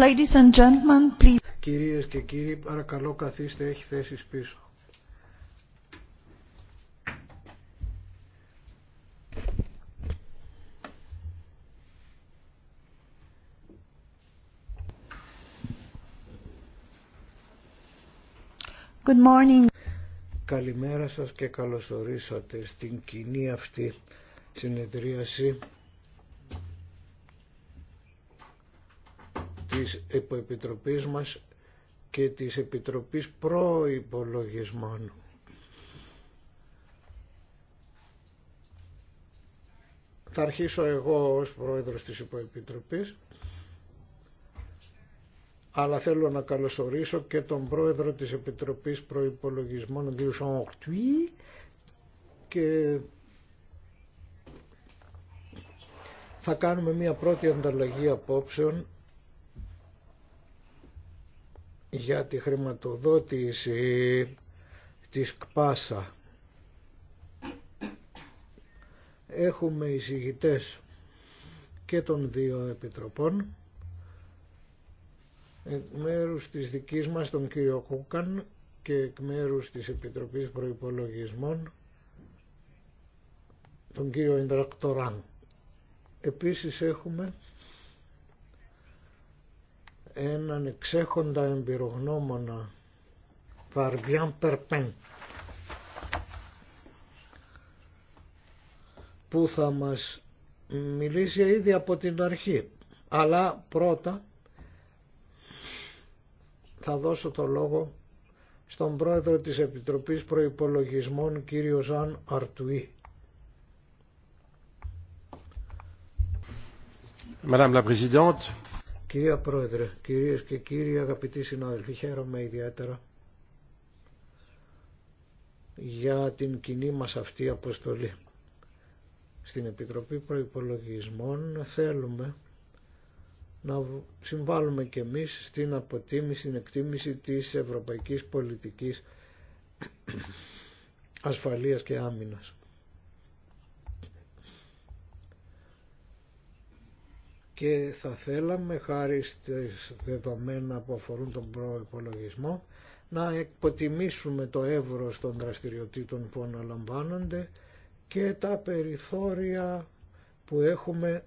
Ladies and gentlemen, please. Κυρίες και κύριοι, παρακαλώ καθίστε, έχει θέσεις πίσω. Good morning. Καλημέρα σας και καλωσορίσατε στην κοινή αυτή συνεδρίαση της Επιτροπής μας και της Επιτροπής Προϋπολογισμών. Θα αρχίσω εγώ ως πρόεδρος της Υποεπιτροπής, αλλά θέλω να καλωσορίσω και τον πρόεδρο της Επιτροπής Προϋπολογισμών, Διουσόν και θα κάνουμε μία πρώτη ανταλλαγή απόψεων για τη χρηματοδότηση της ΚΠΑΣΑ. Έχουμε εισηγητές και των δύο επιτροπών εκ μέρους της δικής μας τον κύριο Κούκαν και εκ μέρους της Επιτροπής Προϋπολογισμών τον κύριο Ιντρακτοράν. Επίσης έχουμε έναν εξέχοντα εμπειρογνώμονα Βαρβιάν Περπέν που θα μας μιλήσει ήδη από την αρχή αλλά πρώτα θα δώσω το λόγο στον πρόεδρο της Επιτροπής Προϋπολογισμών κύριο Ζαν Αρτουή. Madame la Présidente, Κυρία Πρόεδρε, κυρίες και κύριοι αγαπητοί συνάδελφοι, χαίρομαι ιδιαίτερα για την κοινή μας αυτή αποστολή. Στην Επιτροπή Προϋπολογισμών θέλουμε να συμβάλλουμε και εμείς στην αποτίμηση, στην εκτίμηση της ευρωπαϊκής πολιτικής ασφαλείας και άμυνας. και θα θέλαμε χάρη στις δεδομένα που αφορούν τον προϋπολογισμό να εκποτιμήσουμε το εύρος των δραστηριοτήτων που αναλαμβάνονται και τα περιθώρια που έχουμε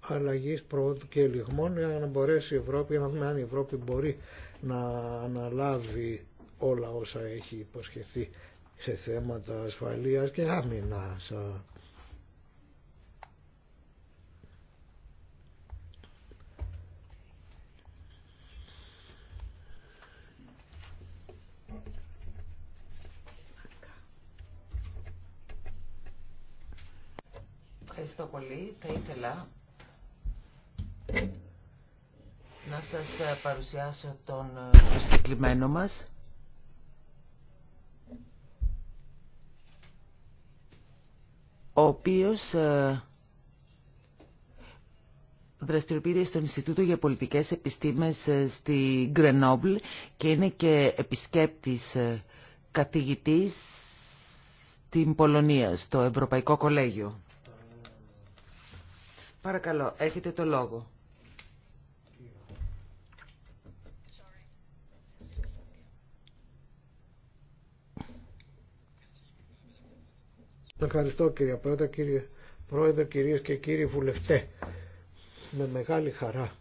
αλλαγής προόδου και ελιγμών για να μπορέσει η Ευρώπη, για να δούμε αν η Ευρώπη μπορεί να αναλάβει όλα όσα έχει υποσχεθεί σε θέματα ασφαλείας και άμυνας. θα ήθελα να σας ε, παρουσιάσω τον ε, προσκεκλημένο μας. ο οποίος ε, δραστηριοποιείται στο Ινστιτούτο για Πολιτικές Επιστήμες στη Γκρενόμπλ και είναι και επισκέπτης καθηγητής στην Πολωνία, στο Ευρωπαϊκό Κολέγιο. Παρακαλώ, έχετε το λόγο. Ευχαριστώ κύριε Πρόεδρε, κύριε Πρόεδρε, κυρίες και κύριοι βουλευτέ. Με μεγάλη χαρά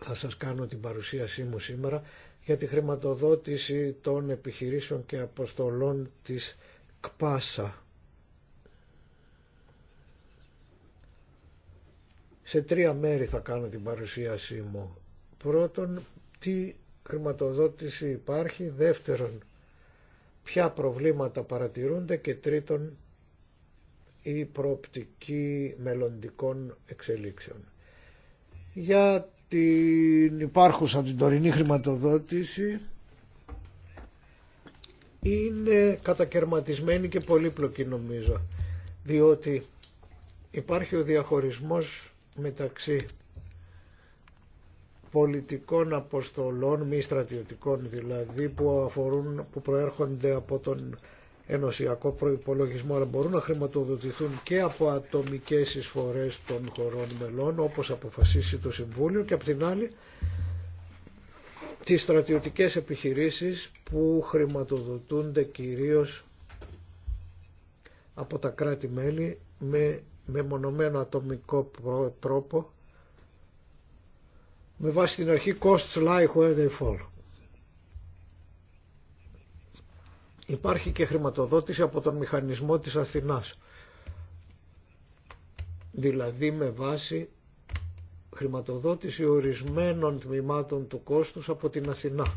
θα σας κάνω την παρουσίασή μου σήμερα για τη χρηματοδότηση των επιχειρήσεων και αποστολών της ΚΠΑΣΑ. Σε τρία μέρη θα κάνω την παρουσίασή μου. Πρώτον, τι χρηματοδότηση υπάρχει. Δεύτερον, ποια προβλήματα παρατηρούνται. Και τρίτον, η προοπτική μελλοντικών εξελίξεων. Για την υπάρχουσα την τωρινή χρηματοδότηση είναι κατακαιρματισμένη και πολύπλοκη νομίζω διότι υπάρχει ο διαχωρισμός μεταξύ πολιτικών αποστολών, μη στρατιωτικών δηλαδή, που, αφορούν, που προέρχονται από τον ενωσιακό προϋπολογισμό, αλλά μπορούν να χρηματοδοτηθούν και από ατομικές εισφορές των χωρών μελών, όπως αποφασίσει το Συμβούλιο, και από την άλλη τις στρατιωτικές επιχειρήσεις που χρηματοδοτούνται κυρίως από τα κράτη-μέλη με μονομένο ατομικό τρόπο με βάση την αρχή costs lie where they fall. Υπάρχει και χρηματοδότηση από τον μηχανισμό της Αθηνάς. Δηλαδή με βάση χρηματοδότηση ορισμένων τμήματων του κόστους από την Αθηνά.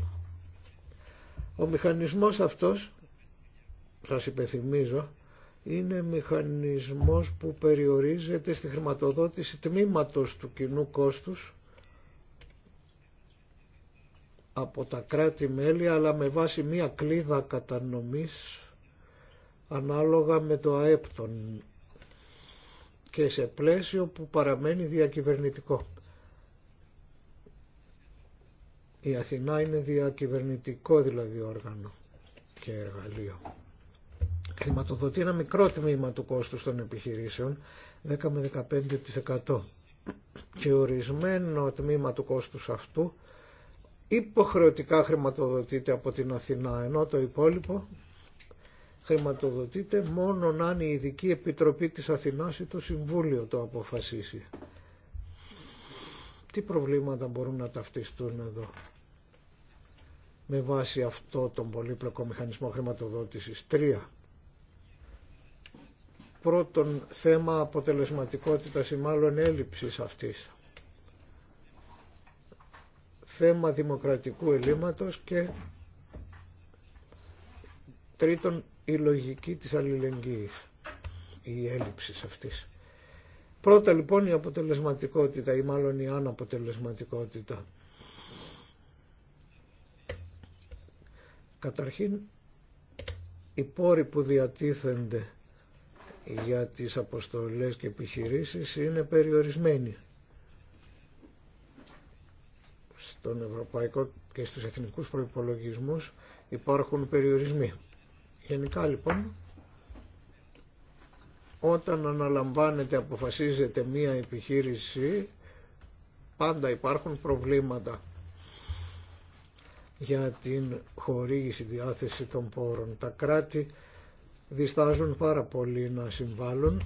Ο μηχανισμός αυτός, σας υπενθυμίζω, είναι μηχανισμός που περιορίζεται στη χρηματοδότηση τμήματος του κοινού κόστους από τα κράτη-μέλη αλλά με βάση μία κλίδα κατανομής ανάλογα με το ΑΕΠΤΟΝ και σε πλαίσιο που παραμένει διακυβερνητικό. Η Αθηνά είναι διακυβερνητικό δηλαδή όργανο και εργαλείο χρηματοδοτεί ένα μικρό τμήμα του κόστους των επιχειρήσεων, 10 με 15% και ορισμένο τμήμα του κόστους αυτού υποχρεωτικά χρηματοδοτείται από την Αθηνά, ενώ το υπόλοιπο χρηματοδοτείται μόνο αν η Ειδική Επιτροπή της Αθηνάς ή το Συμβούλιο το αποφασίσει. Τι προβλήματα μπορούν να ταυτιστούν εδώ με βάση αυτό τον πολύπλοκο μηχανισμό χρηματοδότησης. Τρία πρώτον θέμα αποτελεσματικότητας ή μάλλον έλλειψης αυτής. Θέμα δημοκρατικού ελλείμματος και τρίτον η λογική της αλληλεγγύης, η έλλειψης αυτής. Πρώτα λοιπόν η έλλειψη αυτης ή μάλλον η αναποτελεσματικότητα. Καταρχήν οι πόροι που διατίθενται για τις αποστολές και επιχειρήσεις είναι περιορισμένη στον ευρωπαϊκό και στους εθνικούς προϋπολογισμούς υπάρχουν περιορισμοί. Γενικά λοιπόν όταν αναλαμβάνεται, αποφασίζεται μία επιχείρηση πάντα υπάρχουν προβλήματα για την χορήγηση διάθεση των πόρων. Τα κράτη διστάζουν πάρα πολύ να συμβάλλουν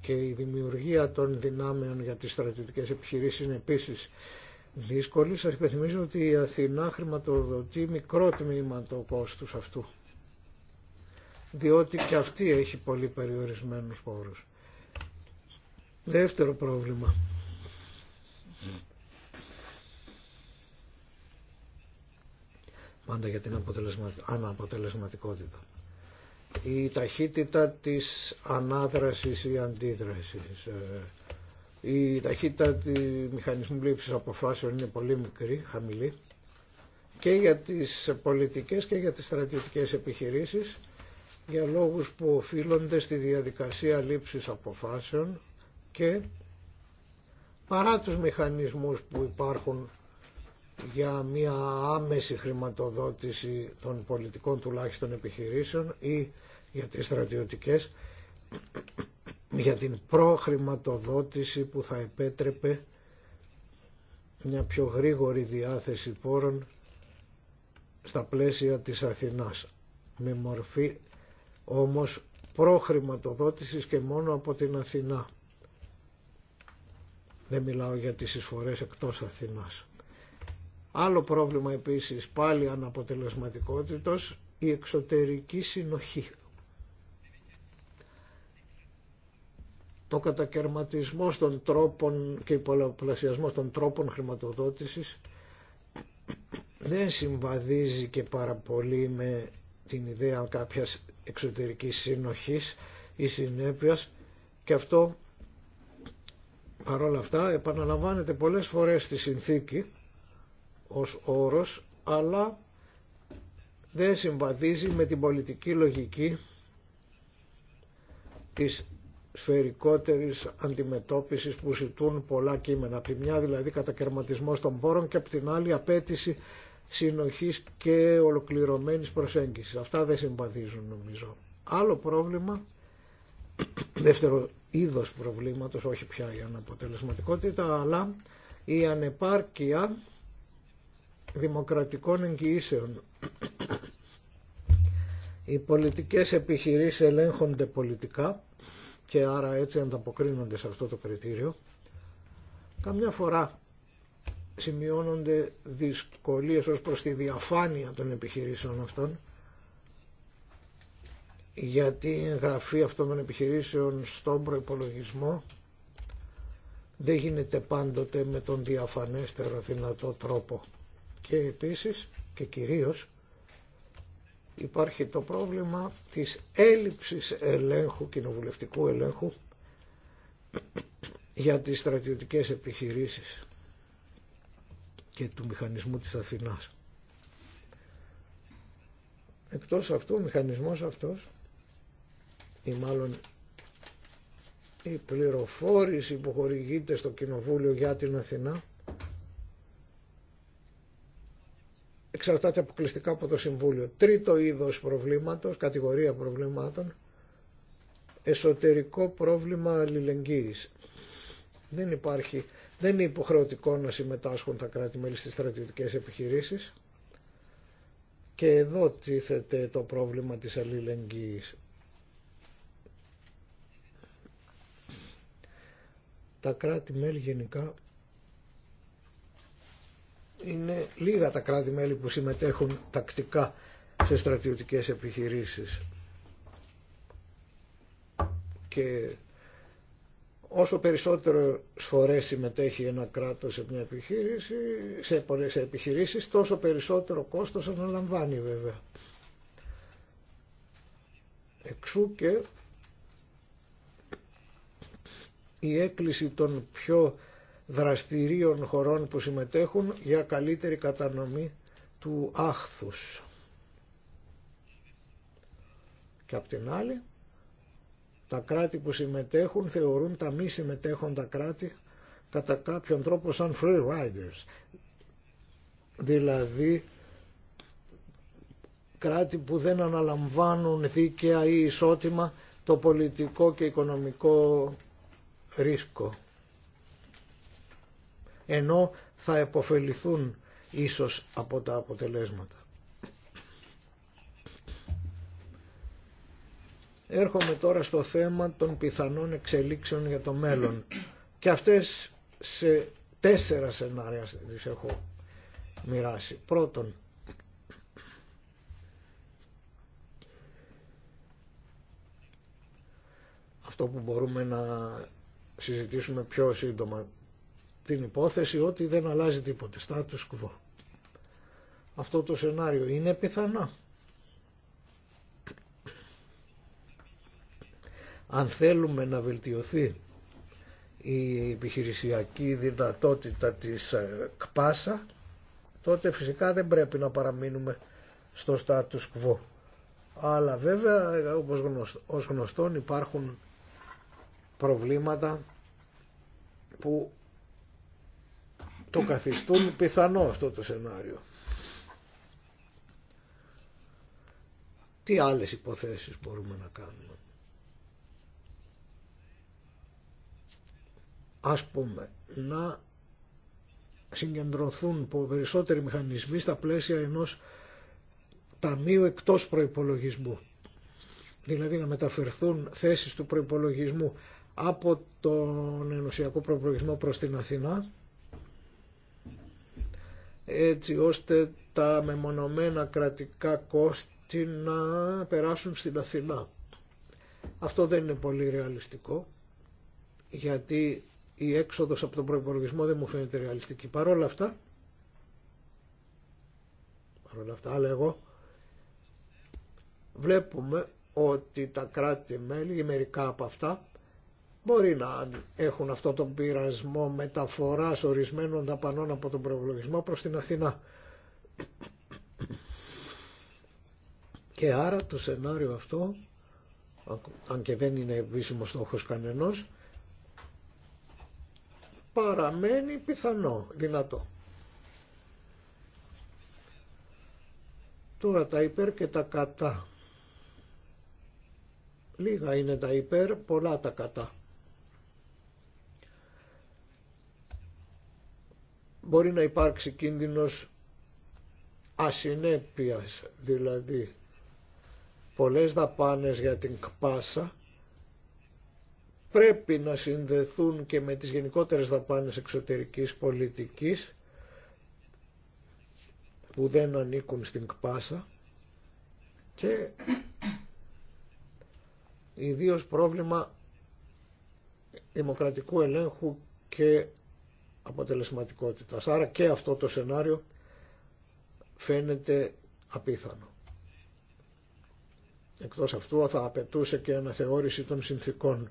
και η δημιουργία των δυνάμεων για τις στρατιωτικές επιχειρήσεις είναι επίσης δύσκολη. Σας υπενθυμίζω ότι η Αθηνά χρηματοδοτεί μικρό τμήμα το κόστος αυτού, διότι και αυτή έχει πολύ περιορισμένους πόρους. Δεύτερο πρόβλημα. πάντα για την Η ταχύτητα της ανάδρασης ή αντίδρασης. Ε, η ταχύτητα του μηχανισμού λήψης αποφάσεων είναι πολύ μικρή, χαμηλή και για τις πολιτικές και για τις στρατιωτικές επιχειρήσεις για λόγους που οφείλονται στη διαδικασία λήψης αποφάσεων και παρά τους μηχανισμούς που υπάρχουν για μια άμεση χρηματοδότηση των πολιτικών τουλάχιστον επιχειρήσεων ή για τις στρατιωτικές για την προχρηματοδότηση που θα επέτρεπε μια πιο γρήγορη διάθεση πόρων στα πλαίσια της Αθηνάς με μορφή όμως προχρηματοδότησης και μόνο από την Αθηνά. Δεν μιλάω για τις εισφορές εκτός Αθηνάς. Άλλο πρόβλημα επίσης πάλι αναποτελεσματικότητος η εξωτερική συνοχή. Το κατακαιρματισμό των τρόπων και πολλαπλασιασμό των τρόπων χρηματοδότησης δεν συμβαδίζει και πάρα πολύ με την ιδέα κάποιας εξωτερικής συνοχής ή συνέπειας και αυτό παρόλα αυτά επαναλαμβάνεται πολλές φορές στη συνθήκη ως όρος, αλλά δεν συμβαδίζει με την πολιτική λογική της σφαιρικότερης αντιμετώπισης που ζητούν πολλά κείμενα. Από τη μια δηλαδή κατακαιρματισμό των πόρων και από την άλλη απέτηση συνοχής και ολοκληρωμένης προσέγγισης. Αυτά δεν συμβαδίζουν νομίζω. Άλλο πρόβλημα, δεύτερο είδος προβλήματος, όχι πια η αναποτελεσματικότητα, αλλά η ανεπάρκεια δημοκρατικών εγγυήσεων. Οι πολιτικές επιχειρήσεις ελέγχονται πολιτικά και άρα έτσι ανταποκρίνονται σε αυτό το κριτήριο. Καμιά φορά σημειώνονται δυσκολίες ως προς τη διαφάνεια των επιχειρήσεων αυτών γιατί η εγγραφή αυτών των επιχειρήσεων στον προϋπολογισμό δεν γίνεται πάντοτε με τον διαφανέστερο δυνατό τρόπο. Και επίσης και κυρίως υπάρχει το πρόβλημα της έλλειψης ελέγχου, κοινοβουλευτικού ελέγχου για τις στρατιωτικές επιχειρήσεις και του μηχανισμού της Αθηνάς. Εκτός αυτού, ο μηχανισμός αυτός ή μάλλον η πληροφόρηση που χορηγείται στο Κοινοβούλιο για την Αθηνά εξαρτάται αποκλειστικά από το Συμβούλιο. Τρίτο είδος προβλήματος, κατηγορία προβλημάτων, εσωτερικό πρόβλημα αλληλεγγύης. Δεν υπάρχει, δεν είναι υποχρεωτικό να συμμετάσχουν τα κράτη-μέλη στις στρατιωτικές επιχειρήσεις και εδώ τίθεται το πρόβλημα της αλληλεγγύης. Τα κράτη-μέλη γενικά είναι λίγα τα κράτη-μέλη που συμμετέχουν τακτικά σε στρατιωτικές επιχειρήσεις. Και όσο περισσότερο φορές συμμετέχει ένα κράτος σε μια επιχείρηση, σε, επιχειρήσεις, τόσο περισσότερο κόστος αναλαμβάνει βέβαια. Εξού και η έκκληση των πιο δραστηρίων χωρών που συμμετέχουν για καλύτερη κατανομή του άχθους. Και απ' την άλλη, τα κράτη που συμμετέχουν θεωρούν τα μη συμμετέχοντα κράτη κατά κάποιον τρόπο σαν free riders. Δηλαδή, κράτη που δεν αναλαμβάνουν δίκαια ή ισότιμα το πολιτικό και οικονομικό ρίσκο ενώ θα επωφεληθούν ίσως από τα αποτελέσματα. Έρχομαι τώρα στο θέμα των πιθανών εξελίξεων για το μέλλον και αυτές σε τέσσερα σενάρια τις έχω μοιράσει. Πρώτον, αυτό που μπορούμε να συζητήσουμε πιο σύντομα την υπόθεση ότι δεν αλλάζει τίποτε, Στάτους κουβό. Αυτό το σενάριο είναι πιθανό. Αν θέλουμε να βελτιωθεί η επιχειρησιακή δυνατότητα της ε, ΚΠΑΣΑ, τότε φυσικά δεν πρέπει να παραμείνουμε στο status κουβό. Αλλά βέβαια, ε, όπως γνωστόν, υπάρχουν προβλήματα που το καθιστούν πιθανό αυτό το σενάριο. Τι άλλες υποθέσεις μπορούμε να κάνουμε. Ας πούμε, να συγκεντρωθούν περισσότεροι μηχανισμοί στα πλαίσια ενός ταμείου εκτός προϋπολογισμού. Δηλαδή να μεταφερθούν θέσεις του προϋπολογισμού από τον ενωσιακό προϋπολογισμό προς την Αθηνά έτσι ώστε τα μεμονωμένα κρατικά κόστη να περάσουν στην Αθηνά. Αυτό δεν είναι πολύ ρεαλιστικό, γιατί η έξοδος από τον προϋπολογισμό δεν μου φαίνεται ρεαλιστική. όλα αυτά, παρόλα αυτά, αλλά βλέπουμε ότι τα κράτη-μέλη, μερικά από αυτά, μπορεί να έχουν αυτό το πειρασμό μεταφοράς ορισμένων δαπανών από τον προβλογισμό προς την Αθηνά. Και άρα το σενάριο αυτό, αν και δεν είναι επίσημο στόχος κανενός, παραμένει πιθανό, δυνατό. Τώρα τα υπέρ και τα κατά. Λίγα είναι τα υπέρ, πολλά τα κατά. μπορεί να υπάρξει κίνδυνος ασυνέπειας, δηλαδή πολλές δαπάνες για την ΚΠΑΣΑ πρέπει να συνδεθούν και με τις γενικότερες δαπάνες εξωτερικής πολιτικής που δεν ανήκουν στην ΚΠΑΣΑ και ιδίως πρόβλημα δημοκρατικού ελέγχου και αποτελεσματικότητας. Άρα και αυτό το σενάριο φαίνεται απίθανο. Εκτός αυτού θα απαιτούσε και αναθεώρηση των συνθήκων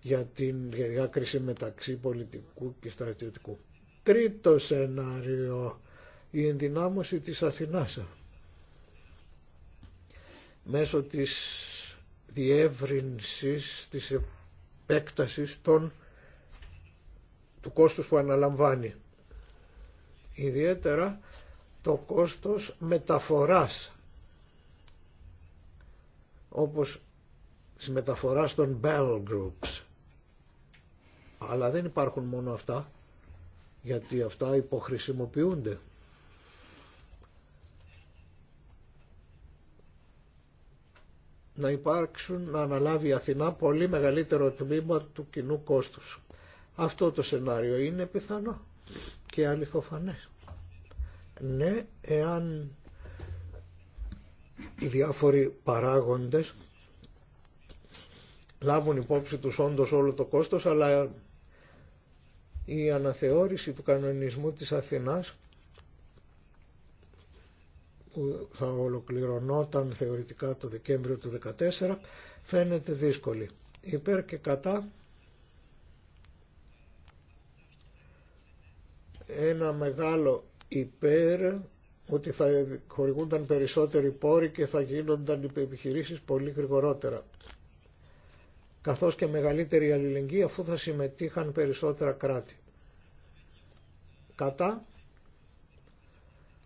για την διάκριση μεταξύ πολιτικού και στρατιωτικού. Τρίτο σενάριο, η ενδυνάμωση της Αθηνάς μέσω της διεύρυνσης, της επέκτασης των του κόστους που αναλαμβάνει. Ιδιαίτερα το κόστος μεταφοράς όπως τη μεταφορά των bell groups. Αλλά δεν υπάρχουν μόνο αυτά γιατί αυτά υποχρησιμοποιούνται. να υπάρξουν, να αναλάβει η Αθηνά πολύ μεγαλύτερο τμήμα του κοινού κόστους. Αυτό το σενάριο είναι πιθανό και αληθοφανές. Ναι, εάν οι διάφοροι παράγοντες λάβουν υπόψη τους όντως όλο το κόστος, αλλά η αναθεώρηση του κανονισμού της Αθηνάς που θα ολοκληρωνόταν θεωρητικά το Δεκέμβριο του 2014 φαίνεται δύσκολη. Υπέρ και κατά ένα μεγάλο υπέρ ότι θα χορηγούνταν περισσότεροι πόροι και θα γίνονταν οι επιχειρήσεις πολύ γρηγορότερα. Καθώς και μεγαλύτερη αλληλεγγύη αφού θα συμμετείχαν περισσότερα κράτη. Κατά,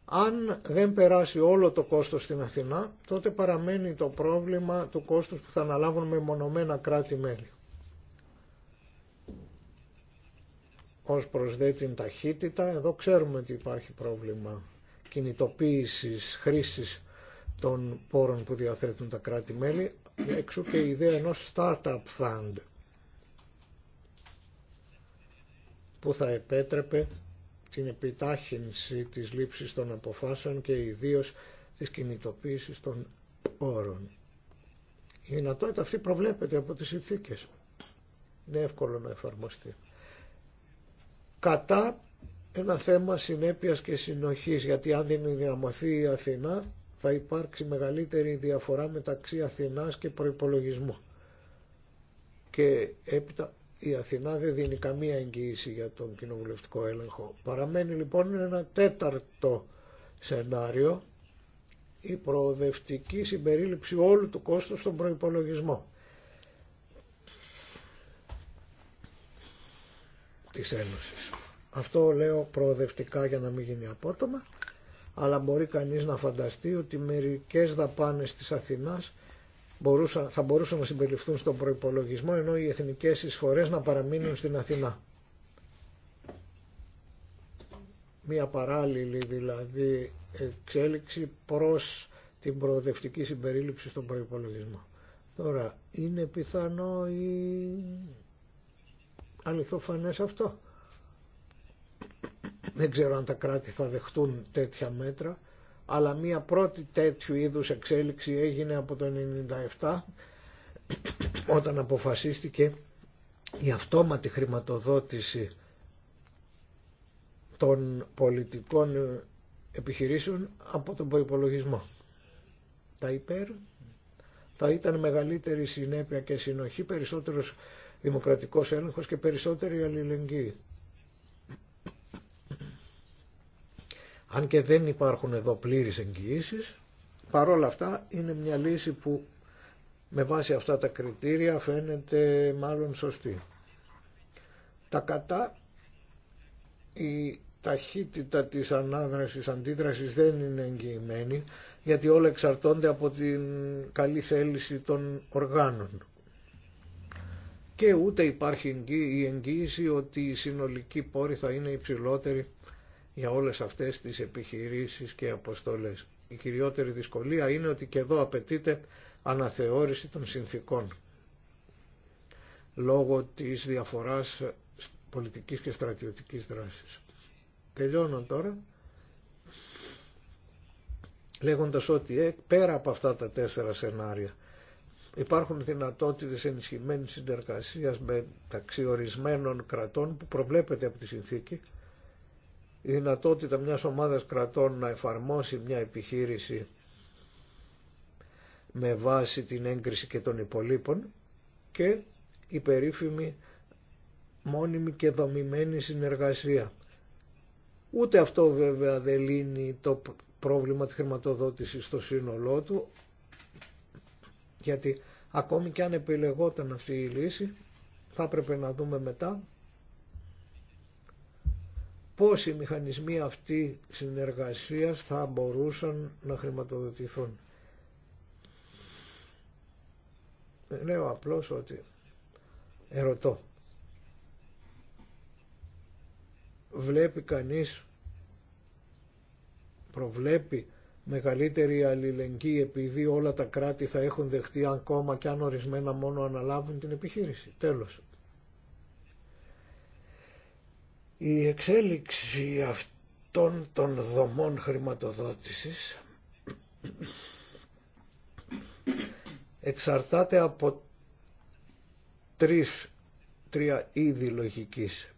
αν δεν περάσει όλο το κόστος στην Αθηνά, τότε παραμένει το πρόβλημα του κόστους που θα αναλαβουν μονομένα μεμονωμένα κράτη-μέλη. ως προς την ταχύτητα. Εδώ ξέρουμε ότι υπάρχει πρόβλημα κινητοποίησης, χρήσης των πόρων που διαθέτουν τα κράτη-μέλη, έξω και η ιδέα ενός startup fund που θα επέτρεπε την επιτάχυνση της λήψης των αποφάσεων και ιδίω της κινητοποίησης των πόρων. Η δυνατότητα αυτή προβλέπεται από τις ηθίκες. Είναι εύκολο να εφαρμοστεί κατά ένα θέμα συνέπειας και συνοχής, γιατί αν δεν δυναμωθεί η Αθηνά θα υπάρξει μεγαλύτερη διαφορά μεταξύ Αθηνάς και προϋπολογισμού. Και έπειτα η Αθηνά δεν δίνει καμία εγγύηση για τον κοινοβουλευτικό έλεγχο. Παραμένει λοιπόν ένα τέταρτο σενάριο η προοδευτική συμπερίληψη όλου του κόστου στον προϋπολογισμό. της Ένωσης. Αυτό λέω προοδευτικά για να μην γίνει απότομα, αλλά μπορεί κανείς να φανταστεί ότι μερικές δαπάνες της Αθηνάς θα μπορούσαν να συμπεριληφθούν στον προϋπολογισμό, ενώ οι εθνικές εισφορές να παραμείνουν στην Αθηνά. Μία παράλληλη δηλαδή εξέλιξη προς την προοδευτική συμπερίληψη στον προϋπολογισμό. Τώρα, είναι πιθανό η αληθοφανές αυτό. Δεν ξέρω αν τα κράτη θα δεχτούν τέτοια μέτρα, αλλά μία πρώτη τέτοιου είδους εξέλιξη έγινε από το 1997 όταν αποφασίστηκε η αυτόματη χρηματοδότηση των πολιτικών επιχειρήσεων από τον προϋπολογισμό. Τα υπέρ θα ήταν μεγαλύτερη συνέπεια και συνοχή, περισσότερος δημοκρατικός έλεγχος και περισσότερη αλληλεγγύη. Αν και δεν υπάρχουν εδώ πλήρεις εγγυήσει, παρόλα αυτά είναι μια λύση που με βάση αυτά τα κριτήρια φαίνεται μάλλον σωστή. Τα κατά η ταχύτητα της ανάδρασης, αντίδρασης δεν είναι εγγυημένη γιατί όλα εξαρτώνται από την καλή θέληση των οργάνων και ούτε υπάρχει η εγγύηση ότι η συνολική πόρη θα είναι υψηλότερη για όλες αυτές τις επιχειρήσεις και αποστολές. Η κυριότερη δυσκολία είναι ότι και εδώ απαιτείται αναθεώρηση των συνθήκων λόγω της διαφοράς πολιτικής και στρατιωτικής δράσης. Τελειώνω τώρα λέγοντας ότι ε, πέρα από αυτά τα τέσσερα σενάρια Υπάρχουν δυνατότητες ενισχυμένης συνεργασίας με ορισμένων κρατών που προβλέπεται από τη συνθήκη η δυνατότητα μια ομάδας κρατών να εφαρμόσει μια επιχείρηση με βάση την έγκριση και των υπολείπων και η περίφημη μόνιμη και δομημένη συνεργασία. Ούτε αυτό βέβαια δεν λύνει το πρόβλημα της χρηματοδότησης στο σύνολό του, γιατί ακόμη και αν επιλεγόταν αυτή η λύση, θα έπρεπε να δούμε μετά πώς οι μηχανισμοί αυτοί συνεργασίας θα μπορούσαν να χρηματοδοτηθούν. Λέω απλώς ότι ερωτώ. Βλέπει κανείς, προβλέπει μεγαλύτερη αλληλεγγύη επειδή όλα τα κράτη θα έχουν δεχτεί ακόμα και αν ορισμένα μόνο αναλάβουν την επιχείρηση. Τέλος. Η εξέλιξη αυτών των δομών χρηματοδότησης εξαρτάται από τρεις, τρία είδη λογικής.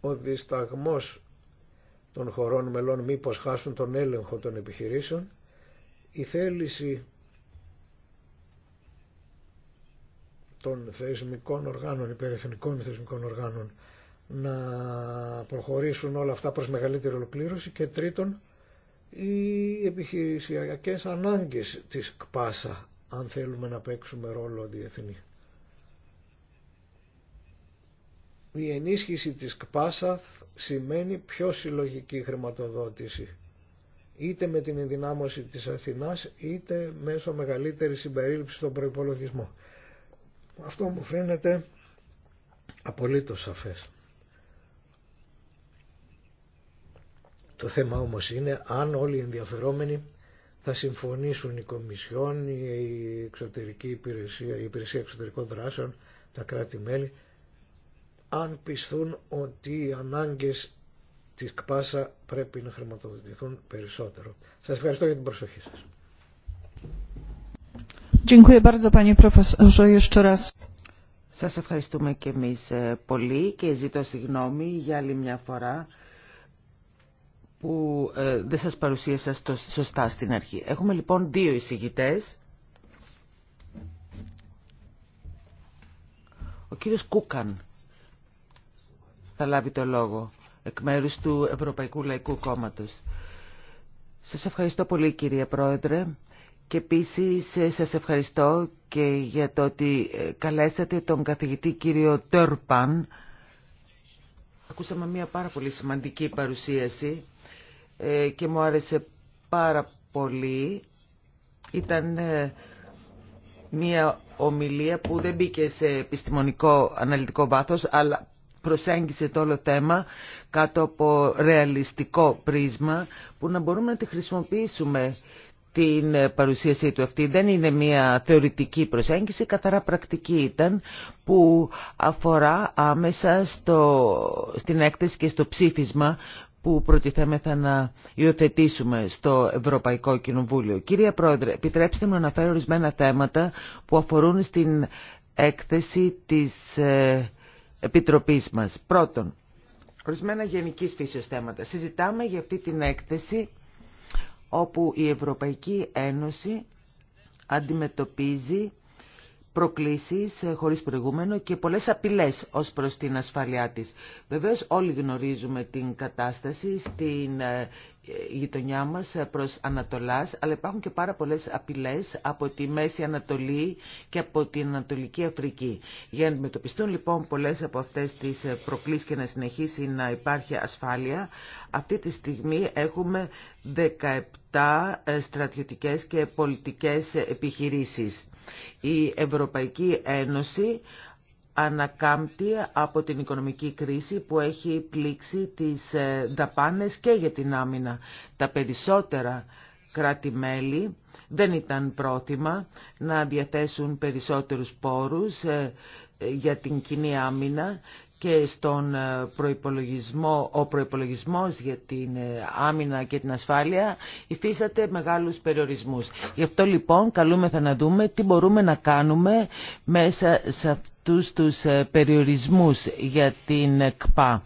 Ο δισταγμός των χωρών μελών μήπως χάσουν τον έλεγχο των επιχειρήσεων. Η θέληση των θεσμικών οργάνων, υπερεθνικών θεσμικών οργάνων να προχωρήσουν όλα αυτά προς μεγαλύτερη ολοκλήρωση και τρίτον οι επιχειρησιακές ανάγκες της ΚΠΑΣΑ αν θέλουμε να παίξουμε ρόλο διεθνή. η ενίσχυση της ΚΠΑΣΑΘ σημαίνει πιο συλλογική χρηματοδότηση είτε με την ενδυνάμωση της Αθηνάς είτε μέσω μεγαλύτερης συμπερίληψης στον προϋπολογισμό. Αυτό μου φαίνεται απολύτως σαφές. Το θέμα όμως είναι αν όλοι οι ενδιαφερόμενοι θα συμφωνήσουν η Κομισιόν, η Εξωτερική Υπηρεσία, η Υπηρεσία Εξωτερικών Δράσεων, τα κράτη-μέλη αν πισθούν ότι οι ανάγκες της ΚΠΑΣΑ πρέπει να χρηματοδοτηθούν περισσότερο. Σας ευχαριστώ για την προσοχή σας. Σας ευχαριστούμε και εμείς ε, πολύ και ζητώ συγγνώμη για άλλη μια φορά που ε, δεν σας παρουσίασα σωστά στην αρχή. Έχουμε λοιπόν δύο εισηγητές. Ο κύριος Κούκαν θα λάβει το λόγο εκ μέρους του Ευρωπαϊκού Λαϊκού Κόμματος. Σας ευχαριστώ πολύ κύριε Πρόεδρε και επίσης ε, σας ευχαριστώ και για το ότι ε, καλέσατε τον καθηγητή κύριο Τέρπαν. Ακούσαμε μια πάρα πολύ σημαντική παρουσίαση ε, και μου άρεσε πάρα πολύ. Ήταν μια ομιλία που δεν μπήκε σε επιστημονικό αναλυτικό βάθος αλλά προσέγγισε το όλο θέμα κάτω από ρεαλιστικό πρίσμα που να μπορούμε να τη χρησιμοποιήσουμε την ε, παρουσίασή του αυτή. Δεν είναι μια θεωρητική προσέγγιση, καθαρά πρακτική ήταν που αφορά άμεσα στο, στην έκθεση και στο ψήφισμα που προτιθέμεθα να υιοθετήσουμε στο Ευρωπαϊκό Κοινοβούλιο. Κύριε Πρόεδρε, επιτρέψτε μου να αναφέρω ορισμένα θέματα που αφορούν στην έκθεση της ε, Επιτροπής μας. Πρώτον, ορισμένα γενικής φύσεως θέματα. Συζητάμε για αυτή την έκθεση όπου η Ευρωπαϊκή Ένωση αντιμετωπίζει προκλήσεις ε, χωρίς προηγούμενο και πολλές απειλές ως προς την ασφαλειά της. Βεβαίως όλοι γνωρίζουμε την κατάσταση στην ε, γειτονιά μας ε, προς Ανατολάς, αλλά υπάρχουν και πάρα πολλές απειλές από τη Μέση Ανατολή και από την Ανατολική Αφρική. Για να αντιμετωπιστούν λοιπόν πολλές από αυτές τις προκλήσεις και να συνεχίσει να υπάρχει ασφάλεια, αυτή τη στιγμή έχουμε 17 στρατιωτικές και πολιτικές επιχειρήσεις. Η Ευρωπαϊκή Ένωση ανακάμπτει από την οικονομική κρίση που έχει πλήξει τις ε, δαπάνες και για την άμυνα. Τα περισσότερα κράτη-μέλη δεν ήταν πρόθυμα να διαθέσουν περισσότερους πόρους ε, ε, για την κοινή άμυνα και στον ε, προϋπολογισμό, ο προϋπολογισμός για την ε, άμυνα και την ασφάλεια υφίσταται μεγάλους περιορισμούς. Γι' αυτό λοιπόν καλούμεθα να δούμε τι μπορούμε να κάνουμε μέσα σε αυτό αυτούς τους ε, περιορισμούς για την ΚΠΑ.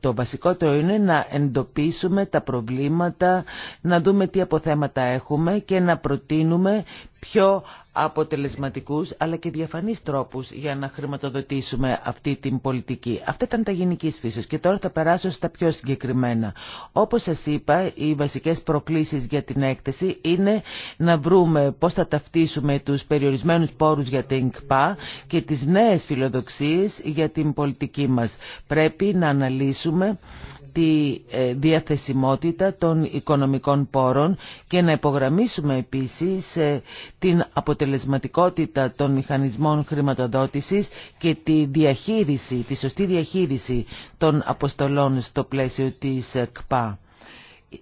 Το βασικότερο είναι να εντοπίσουμε τα προβλήματα, να δούμε τι αποθέματα έχουμε και να προτείνουμε πιο αποτελεσματικούς αλλά και διαφανείς τρόπους για να χρηματοδοτήσουμε αυτή την πολιτική. Αυτά ήταν τα γενική φύσεως και τώρα θα περάσω στα πιο συγκεκριμένα. Όπως σας είπα, οι βασικές προκλήσεις για την έκθεση είναι να βρούμε πώς θα ταυτίσουμε τους περιορισμένους πόρους για την ΚΠΑ και τις νέες νέες φιλοδοξίες για την πολιτική μας. Πρέπει να αναλύσουμε τη ε, διαθεσιμότητα των οικονομικών πόρων και να υπογραμμίσουμε επίσης ε, την αποτελεσματικότητα των μηχανισμών χρηματοδότησης και τη διαχείριση, τη σωστή διαχείριση των αποστολών στο πλαίσιο της ΚΠΑ.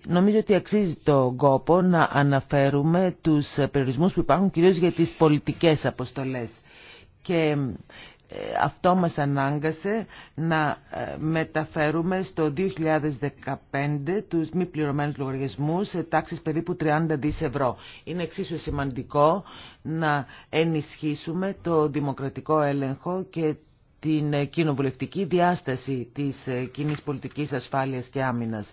Νομίζω ότι αξίζει το κόπο να αναφέρουμε τους περιορισμούς που υπάρχουν κυρίως για τις πολιτικές αποστολές και ε, αυτό μας ανάγκασε να ε, μεταφέρουμε στο 2015 τους μη πληρωμένους λογαριασμούς σε τάξεις περίπου 30 δις ευρώ. Είναι εξίσου σημαντικό να ενισχύσουμε το δημοκρατικό έλεγχο και την ε, κοινοβουλευτική διάσταση της κοινή πολιτικής ασφάλειας και άμυνας.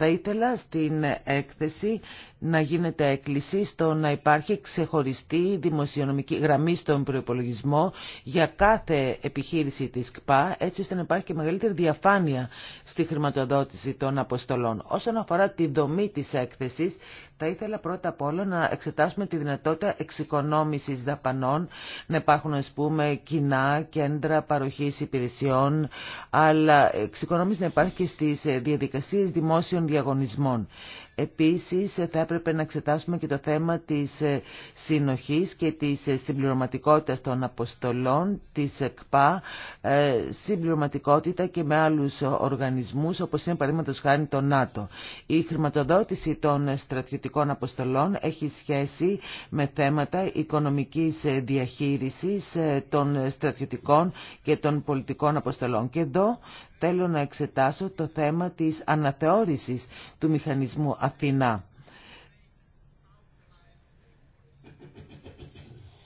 Θα ήθελα στην έκθεση να γίνεται έκκληση στο να υπάρχει ξεχωριστή δημοσιονομική γραμμή στον προπολογισμό για κάθε επιχείρηση της ΚΠΑ, έτσι ώστε να υπάρχει και μεγαλύτερη διαφάνεια στη χρηματοδότηση των αποστολών. Όσον αφορά τη δομή της έκθεσης, θα ήθελα πρώτα απ' όλα να εξετάσουμε τη δυνατότητα εξοικονόμησης δαπανών, να υπάρχουν ας πούμε κοινά κέντρα παροχής υπηρεσιών, αλλά εξοικονόμηση να υπάρχει και στις διαδικασίες δημόσιων διαγωνισμών. Επίσης θα έπρεπε να εξετάσουμε και το θέμα της ε, συνοχής και της ε, συμπληρωματικότητας των αποστολών της ΕΚΠΑ, ε, συμπληρωματικότητα και με άλλους οργανισμούς όπως είναι παραδείγματος χάρη το ΝΑΤΟ. Η χρηματοδότηση των στρατιωτικών αποστολών έχει σχέση με θέματα οικονομικής διαχείρισης των στρατιωτικών και των πολιτικών αποστολών. Και εδώ θέλω να εξετάσω το θέμα της αναθεώρησης του μηχανισμού Αθηνά.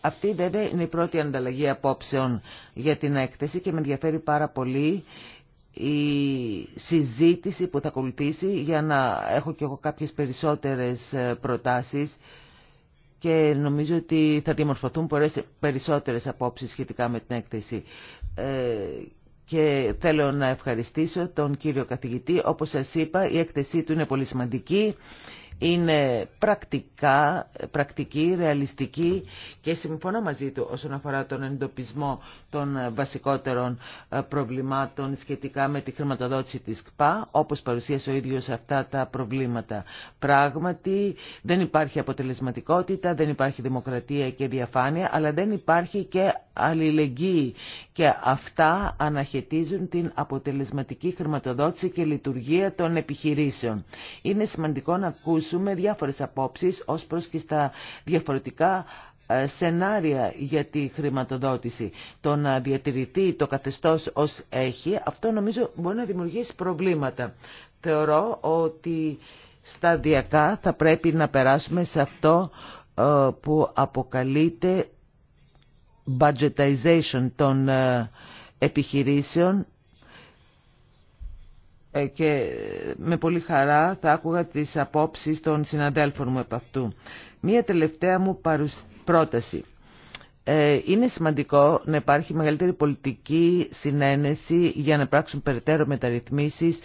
Αυτή βέβαια είναι η πρώτη ανταλλαγή απόψεων για την έκθεση και με ενδιαφέρει πάρα πολύ η συζήτηση που θα ακολουθήσει για να έχω και εγώ κάποιες περισσότερες ε, προτάσεις και νομίζω ότι θα διαμορφωθούν περισσότερες απόψεις σχετικά με την έκθεση. Ε, και θέλω να ευχαριστήσω τον κύριο καθηγητή. Όπως σας είπα, η έκθεσή του είναι πολύ σημαντική. Είναι πρακτικά, πρακτική, ρεαλιστική και συμφωνώ μαζί του όσον αφορά τον εντοπισμό των βασικότερων ε, προβλημάτων σχετικά με τη χρηματοδότηση της ΚΠΑ, όπως παρουσίασε ο ίδιος αυτά τα προβλήματα. Πράγματι δεν υπάρχει αποτελεσματικότητα, δεν υπάρχει δημοκρατία και διαφάνεια, αλλά δεν υπάρχει και αλληλεγγύη και αυτά αναχαιτίζουν την αποτελεσματική χρηματοδότηση και λειτουργία των επιχειρήσεων. Είναι σημαντικό να ακούσουμε διάφορες απόψεις ως προς και στα διαφορετικά ε, σενάρια για τη χρηματοδότηση. Το να διατηρηθεί το καθεστώς ως έχει, αυτό νομίζω μπορεί να δημιουργήσει προβλήματα. Θεωρώ ότι σταδιακά θα πρέπει να περάσουμε σε αυτό ε, που αποκαλείται budgetization των ε, επιχειρήσεων ε, και με πολύ χαρά θα άκουγα τις απόψεις των συναδέλφων μου επ' αυτού. Μία τελευταία μου πρόταση. Ε, είναι σημαντικό να υπάρχει μεγαλύτερη πολιτική συνένεση για να πράξουν περαιτέρω μεταρρυθμίσεις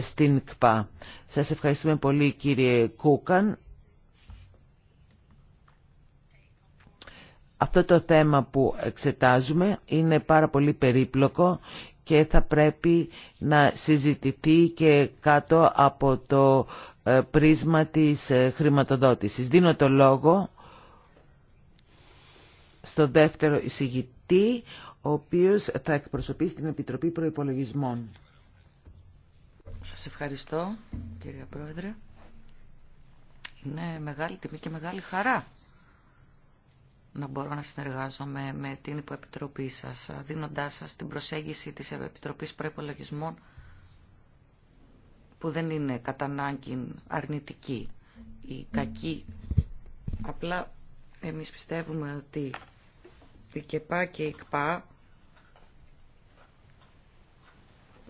στην ΚΠΑ. Σας ευχαριστούμε πολύ κύριε Κούκαν. Αυτό το θέμα που εξετάζουμε είναι πάρα πολύ περίπλοκο και θα πρέπει να συζητηθεί και κάτω από το ε, πρίσμα της ε, χρηματοδότησης. Δίνω το λόγο στο δεύτερο εισηγητή, ο οποίος θα εκπροσωπεί στην Επιτροπή Προϋπολογισμών. Σας ευχαριστώ, κύριε Πρόεδρε. Είναι μεγάλη τιμή και μεγάλη χαρά να μπορώ να συνεργάζομαι με την υποεπιτροπή σας, δίνοντάς σας την προσέγγιση της Επιτροπής Προϋπολογισμών που δεν είναι κατά ανάγκη αρνητική ή κακή. Απλά εμείς πιστεύουμε ότι η ΚΕΠΑ και η ΚΠΑ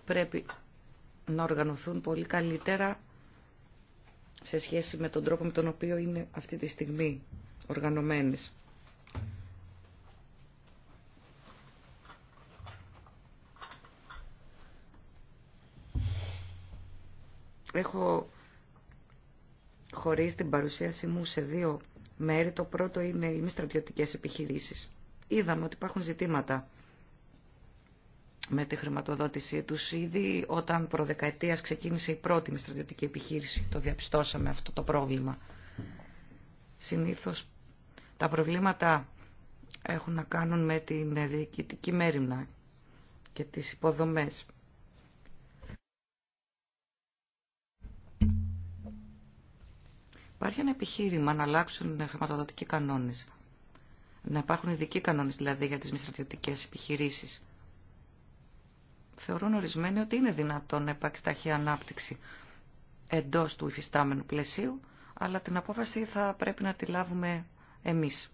πρέπει να οργανωθούν πολύ καλύτερα σε σχέση με τον τρόπο με τον οποίο είναι αυτή τη στιγμή οργανωμένες. Έχω χωρίσει την παρουσίασή μου σε δύο μέρη. Το πρώτο είναι οι μη στρατιωτικέ επιχειρήσεις. Είδαμε ότι υπάρχουν ζητήματα με τη χρηματοδότησή του Ήδη όταν προδεκαετίας ξεκίνησε η πρώτη μη στρατιωτική επιχείρηση, το διαπιστώσαμε αυτό το πρόβλημα. Συνήθως τα προβλήματα έχουν να κάνουν με την διοικητική μέρημνα και τις υποδομές. Υπάρχει ένα επιχείρημα να αλλάξουν χρηματοδοτικοί κανόνες. Να υπάρχουν ειδικοί κανόνες δηλαδή για τις μη στρατιωτικέ επιχειρήσεις. Θεωρούν ορισμένοι ότι είναι δυνατόν να υπάρξει ταχύα ανάπτυξη εντός του υφιστάμενου πλαισίου, αλλά την απόφαση θα πρέπει να τη λάβουμε εμείς,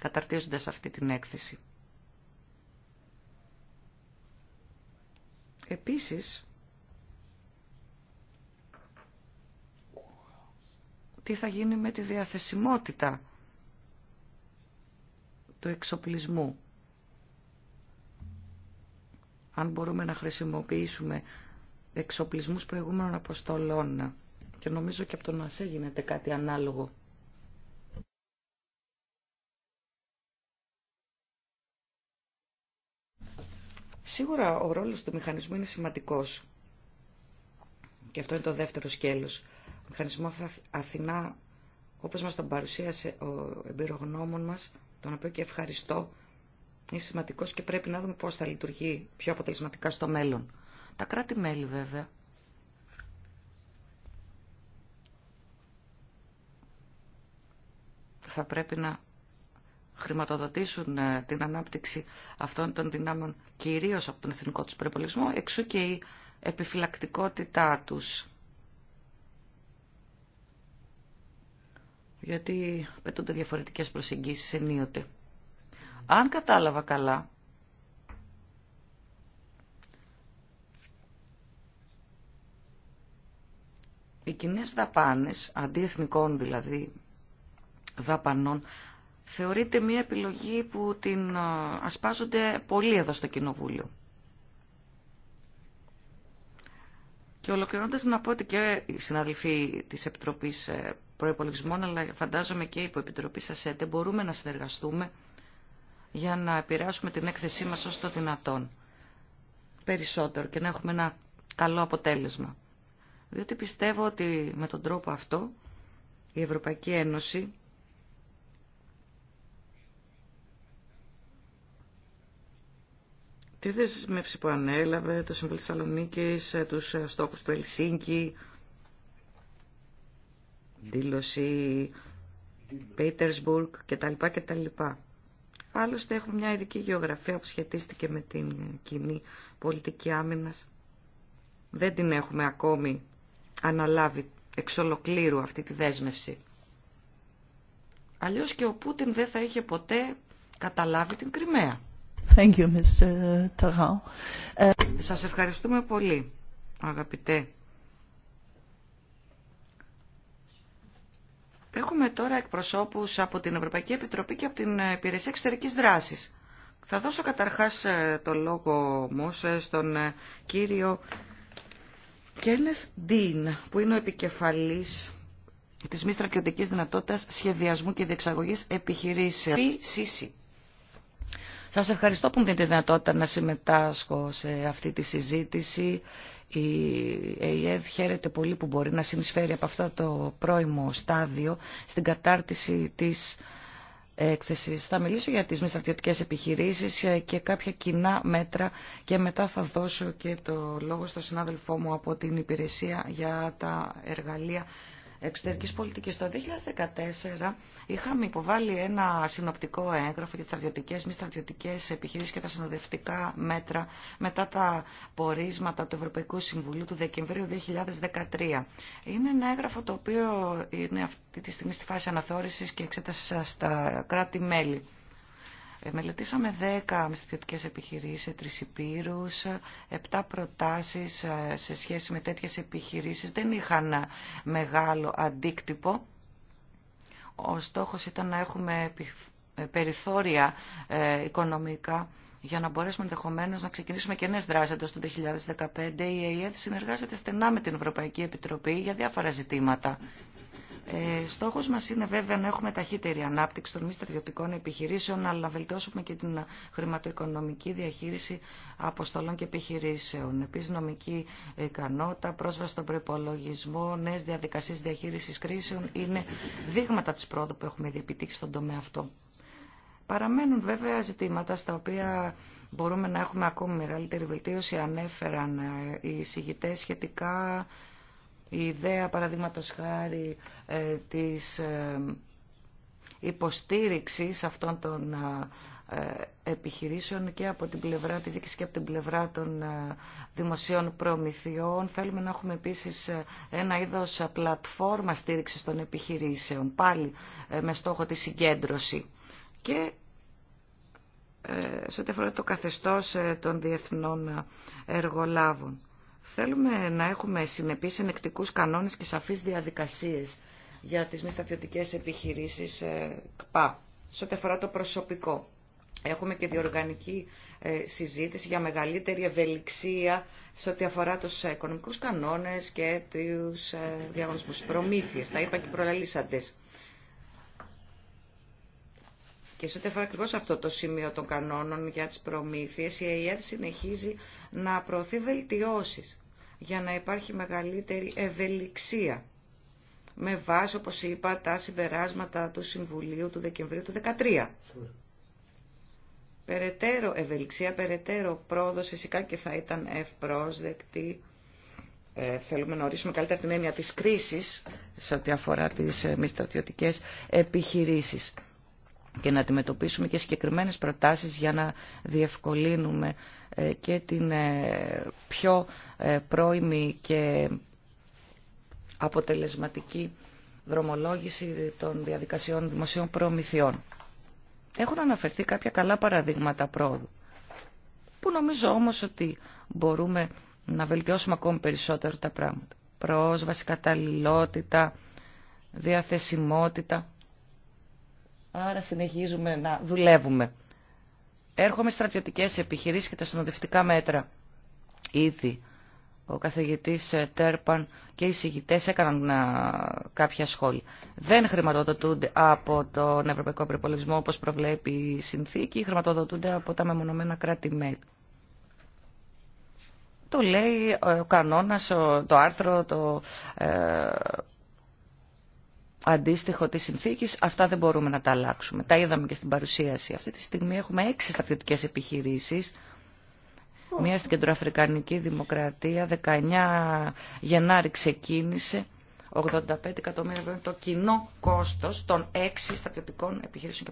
καταρτίζοντας αυτή την έκθεση. Επίσης, τι θα γίνει με τη διαθεσιμότητα του εξοπλισμού. Αν μπορούμε να χρησιμοποιήσουμε εξοπλισμούς προηγούμενων αποστολών και νομίζω και από τον ΑΣΕ γίνεται κάτι ανάλογο. Σίγουρα ο ρόλος του μηχανισμού είναι σημαντικός και αυτό είναι το δεύτερο σκέλος μηχανισμό Αθηνά, όπως μας τον παρουσίασε ο εμπειρογνώμων μας, τον οποίο και ευχαριστώ, είναι σημαντικός και πρέπει να δούμε πώς θα λειτουργεί πιο αποτελεσματικά στο μέλλον. Τα κράτη-μέλη βέβαια. Θα πρέπει να χρηματοδοτήσουν ε, την ανάπτυξη αυτών των δυνάμεων κυρίως από τον εθνικό τους προπολογισμό, εξού και η επιφυλακτικότητά τους. γιατί πετούνται διαφορετικές προσεγγίσεις ενίοτε. Αν κατάλαβα καλά, οι κοινέ δαπάνες, αντιεθνικών δηλαδή δαπανών, θεωρείται μια επιλογή που την ασπάζονται πολύ εδώ στο Κοινοβούλιο. Και ολοκληρώντας, να πω ότι και οι συναδελφοί της Επιτροπής ε, αλλά φαντάζομαι και υπό επιτροπή σας έτε, μπορούμε να συνεργαστούμε για να επηρεάσουμε την έκθεσή μας όσο το δυνατόν περισσότερο και να έχουμε ένα καλό αποτέλεσμα. Διότι πιστεύω ότι με τον τρόπο αυτό η Ευρωπαϊκή Ένωση τη δεσμεύση που ανέλαβε, το Συμβουλίο Θεσσαλονίκη, ε, τους ε, στόχους του Ελσίνκη, δήλωση Πέιτερσμπουργκ κτλ. κτλ. Άλλωστε έχουμε μια ειδική γεωγραφία που σχετίστηκε με την κοινή πολιτική άμυνας. Δεν την έχουμε ακόμη αναλάβει εξ ολοκλήρου αυτή τη δέσμευση. Αλλιώς και ο Πούτιν δεν θα είχε ποτέ καταλάβει την Κρυμαία. Thank ε, Σας ευχαριστούμε πολύ, αγαπητέ Έχουμε τώρα εκπροσώπους από την Ευρωπαϊκή Επιτροπή και από την Υπηρεσία Εξωτερικής Δράσης. Θα δώσω καταρχάς ε, το λόγο όμως ε, στον ε, κύριο Κένεθ Ντίν, που είναι ο επικεφαλής της μη στρατιωτικής δυνατότητας σχεδιασμού και διεξαγωγής επιχειρήσεων. PCC. Σας ευχαριστώ που μου δίνετε δυνατότητα να συμμετάσχω σε αυτή τη συζήτηση η ΕΙΕΔ χαίρεται πολύ που μπορεί να συνεισφέρει από αυτό το πρώιμο στάδιο στην κατάρτιση της έκθεσης. Θα μιλήσω για τις μη επιχειρήσεις και κάποια κοινά μέτρα και μετά θα δώσω και το λόγο στο συνάδελφό μου από την Υπηρεσία για τα εργαλεία εξωτερικής πολιτικής. Το 2014 είχαμε υποβάλει ένα συνοπτικό έγγραφο για τις στρατιωτικές, μη στρατιωτικές επιχειρήσεις και τα συνοδευτικά μέτρα μετά τα πορίσματα του Ευρωπαϊκού Συμβουλίου του Δεκεμβρίου 2013. Είναι ένα έγγραφο το οποίο είναι αυτή τη στιγμή στη φάση αναθεώρησης και εξέτασης στα κράτη-μέλη. Ε, μελετήσαμε 10 μυστιωτικές επιχειρήσεις, τρισυπήρους, 7 προτάσεις ε, σε σχέση με τέτοιες επιχειρήσεις. Δεν είχαν μεγάλο αντίκτυπο. Ο στόχος ήταν να έχουμε ε, περιθώρια οικονομικά για να μπορέσουμε ενδεχομένω να ξεκινήσουμε και νέε δράσει το 2015. Η ΕΕ συνεργάζεται στενά με την Ευρωπαϊκή Επιτροπή για διάφορα ζητήματα. Ε, στόχος μας είναι βέβαια να έχουμε ταχύτερη ανάπτυξη των μη στρατιωτικών επιχειρήσεων, αλλά να βελτιώσουμε και την χρηματοοικονομική διαχείριση αποστολών και επιχειρήσεων. Επίση νομική ικανότητα, πρόσβαση στον προπολογισμό, νέε διαδικασίε διαχείριση κρίσεων είναι δείγματα τη πρόοδου που έχουμε διεπιτύχει στον τομέα αυτό. Παραμένουν βέβαια ζητήματα στα οποία μπορούμε να έχουμε ακόμη μεγαλύτερη βελτίωση, ανέφεραν ε, οι συγητές σχετικά η ιδέα, παραδείγματο χάρη, ε, της ε, υποστήριξης αυτών των ε, επιχειρήσεων και από την πλευρά της δίκης και από την πλευρά των δημοσίων προμηθειών. Θέλουμε να έχουμε επίσης ένα είδος πλατφόρμα στήριξης των επιχειρήσεων, πάλι με στόχο τη συγκέντρωση. Και σε ό,τι αφορά το καθεστώς των διεθνών εργολάβων. Θέλουμε να έχουμε συνεπείς ενεκτικούς κανόνες και σαφείς διαδικασίες για τις μη σταθιωτικές επιχειρήσεις ε, ΚΠΑ, σε ό,τι αφορά το προσωπικό. Έχουμε και διοργανική ε, συζήτηση για μεγαλύτερη ευελιξία σε ό,τι αφορά τους οικονομικούς κανόνες και τους ε, διαγωνισμούς προμήθειες. Τα είπα και προλαλήσαντες. Και σε ό,τι αφορά ακριβώ αυτό το σημείο των κανόνων για τις προμήθειες, η ΕΕΔ συνεχίζει να προωθεί βελτιώσει για να υπάρχει μεγαλύτερη ευελιξία με βάση, όπως είπα, τα συμπεράσματα του Συμβουλίου του Δεκεμβρίου του 2013. Περαιτέρω ευελιξία, περαιτέρω πρόοδος φυσικά και θα ήταν ευπρόσδεκτη. Ε, θέλουμε να ορίσουμε καλύτερα την έννοια της κρίσης σε ό,τι αφορά τις ε, μη στρατιωτικές επιχειρήσεις και να αντιμετωπίσουμε και συγκεκριμένες προτάσεις για να διευκολύνουμε ε, και την ε, πιο ε, πρόημη και αποτελεσματική δρομολόγηση των διαδικασιών δημοσίων προμηθειών. Έχουν αναφερθεί κάποια καλά παραδείγματα πρόοδου, που νομίζω όμως ότι μπορούμε να βελτιώσουμε ακόμη περισσότερο τα πράγματα. Πρόσβαση, καταλληλότητα, διαθεσιμότητα άρα συνεχίζουμε να δουλεύουμε. Έρχομαι στρατιωτικές επιχειρήσεις και τα συνοδευτικά μέτρα. Ήδη ο καθηγητής ε, Τέρπαν και οι συγητές έκαναν κάποια σχόλια. Δεν χρηματοδοτούνται από τον Ευρωπαϊκό Προπολογισμό όπως προβλέπει η συνθήκη, χρηματοδοτούνται από τα μεμονωμένα κράτη-μέλη. Το λέει ο κανόνας, το άρθρο, το ε, αντίστοιχο τη συνθήκη, αυτά δεν μπορούμε να τα αλλάξουμε. Τα είδαμε και στην παρουσίαση. Αυτή τη στιγμή έχουμε έξι στρατιωτικές επιχειρήσεις, μία στην Κεντροαφρικανική Δημοκρατία, 19 Γενάρη ξεκίνησε, 85 εκατομμύρια ευρώ είναι το κοινό στρατιωτικέ επιχειρήσει. μια στην κεντροαφρικανικη δημοκρατια 19 γεναρη ξεκινησε 85 εκατομμυρια ευρω το κοινο κοστος των εξι στρατιωτικων επιχειρησεων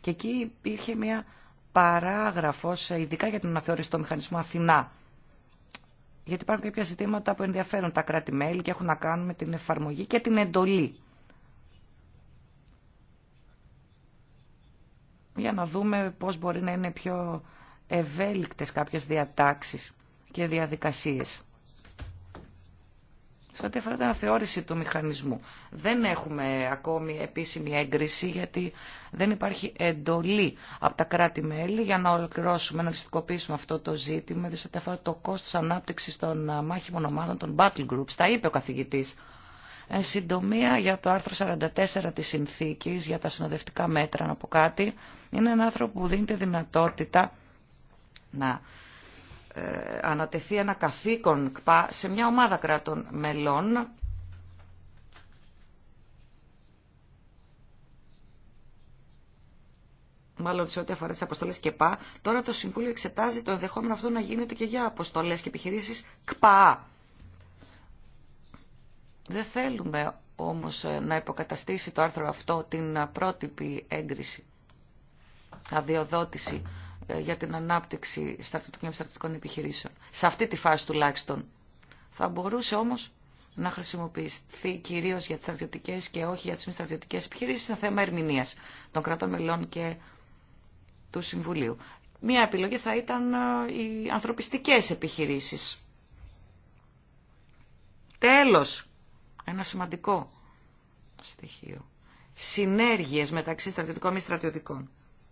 και εκεί υπήρχε μια παράγραφος ε, ειδικά για τον αναθεωριστό μηχανισμό Αθηνά. Γιατί υπάρχουν κάποια ζητήματα που ενδιαφέρουν τα κράτη-μέλη και έχουν να κάνουν με την εφαρμογή και την εντολή. Για να δούμε πώς μπορεί να είναι πιο ευέλικτες κάποιες διατάξεις και διαδικασίες. Σε ό,τι αφορά την αναθεώρηση του μηχανισμού. Δεν έχουμε ακόμη επίσημη έγκριση γιατί δεν υπάρχει εντολή από τα κράτη-μέλη για να ολοκληρώσουμε, να δυστυχοποιήσουμε αυτό το ζήτημα, σε ό,τι αφορά το κόστος ανάπτυξη των μάχημων ομάδων, των battle groups. Τα είπε ο καθηγητής. Ε, συντομία για το άρθρο 44 της συνθήκης, για τα συνοδευτικά μέτρα, να πω κάτι, είναι ένα άνθρωπο που δίνει τη δυνατότητα να ε, ανατεθεί ένα καθήκον ΚΠΑ σε μια ομάδα κράτων μελών μάλλον σε ό,τι αφορά τι αποστολέ ΠΑ. τώρα το Συμβούλιο εξετάζει το ενδεχόμενο αυτό να γίνεται και για αποστολέ και επιχειρήσει ΚΠΑ. Δεν θέλουμε όμως ε, να υποκαταστήσει το άρθρο αυτό την ε, πρότυπη έγκριση, αδειοδότηση ε, για την ανάπτυξη στρατιωτικών και επιχειρήσεων. Σε αυτή τη φάση τουλάχιστον. Θα μπορούσε όμως να χρησιμοποιηθεί κυρίως για τις στρατιωτικές και όχι για τις μη στρατιωτικές επιχειρήσεις είναι θέμα ερμηνεία των κρατών μελών και του Συμβουλίου. Μία επιλογή θα ήταν ε, οι ανθρωπιστικές επιχειρήσεις. Τέλος, ένα σημαντικό στοιχείο. Συνέργειες μεταξύ στρατιωτικών και μη στρατιωτικών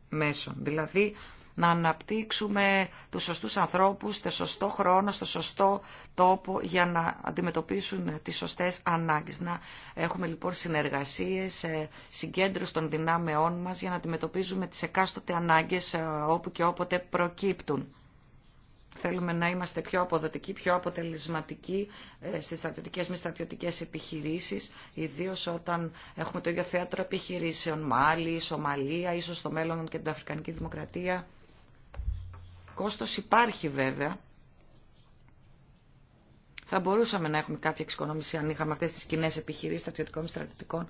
μέσων. Δηλαδή, να αναπτύξουμε τους σωστούς ανθρώπους στο σωστό χρόνο, στο σωστό τόπο για να αντιμετωπίσουν τις σωστές ανάγκες. Να έχουμε λοιπόν συνεργασίες, ε, συγκέντρωση των δυνάμεών μας για να αντιμετωπίζουμε τις εκάστοτε ανάγκες ε, όπου και όποτε προκύπτουν. Θέλουμε να είμαστε πιο αποδοτικοί, πιο αποτελεσματικοί ε, στις στρατιωτικές μη στρατιωτικές επιχειρήσεις, ιδίως όταν έχουμε το ίδιο θέατρο επιχειρήσεων, Μάλι, Σομαλία, ίσως στο μέλλον και την Αφρικανική Δημοκρατία κόστος υπάρχει βέβαια. Θα μπορούσαμε να έχουμε κάποια εξοικονόμηση αν είχαμε αυτές τις κοινέ επιχειρήσεις στρατιωτικών και στρατιωτικών.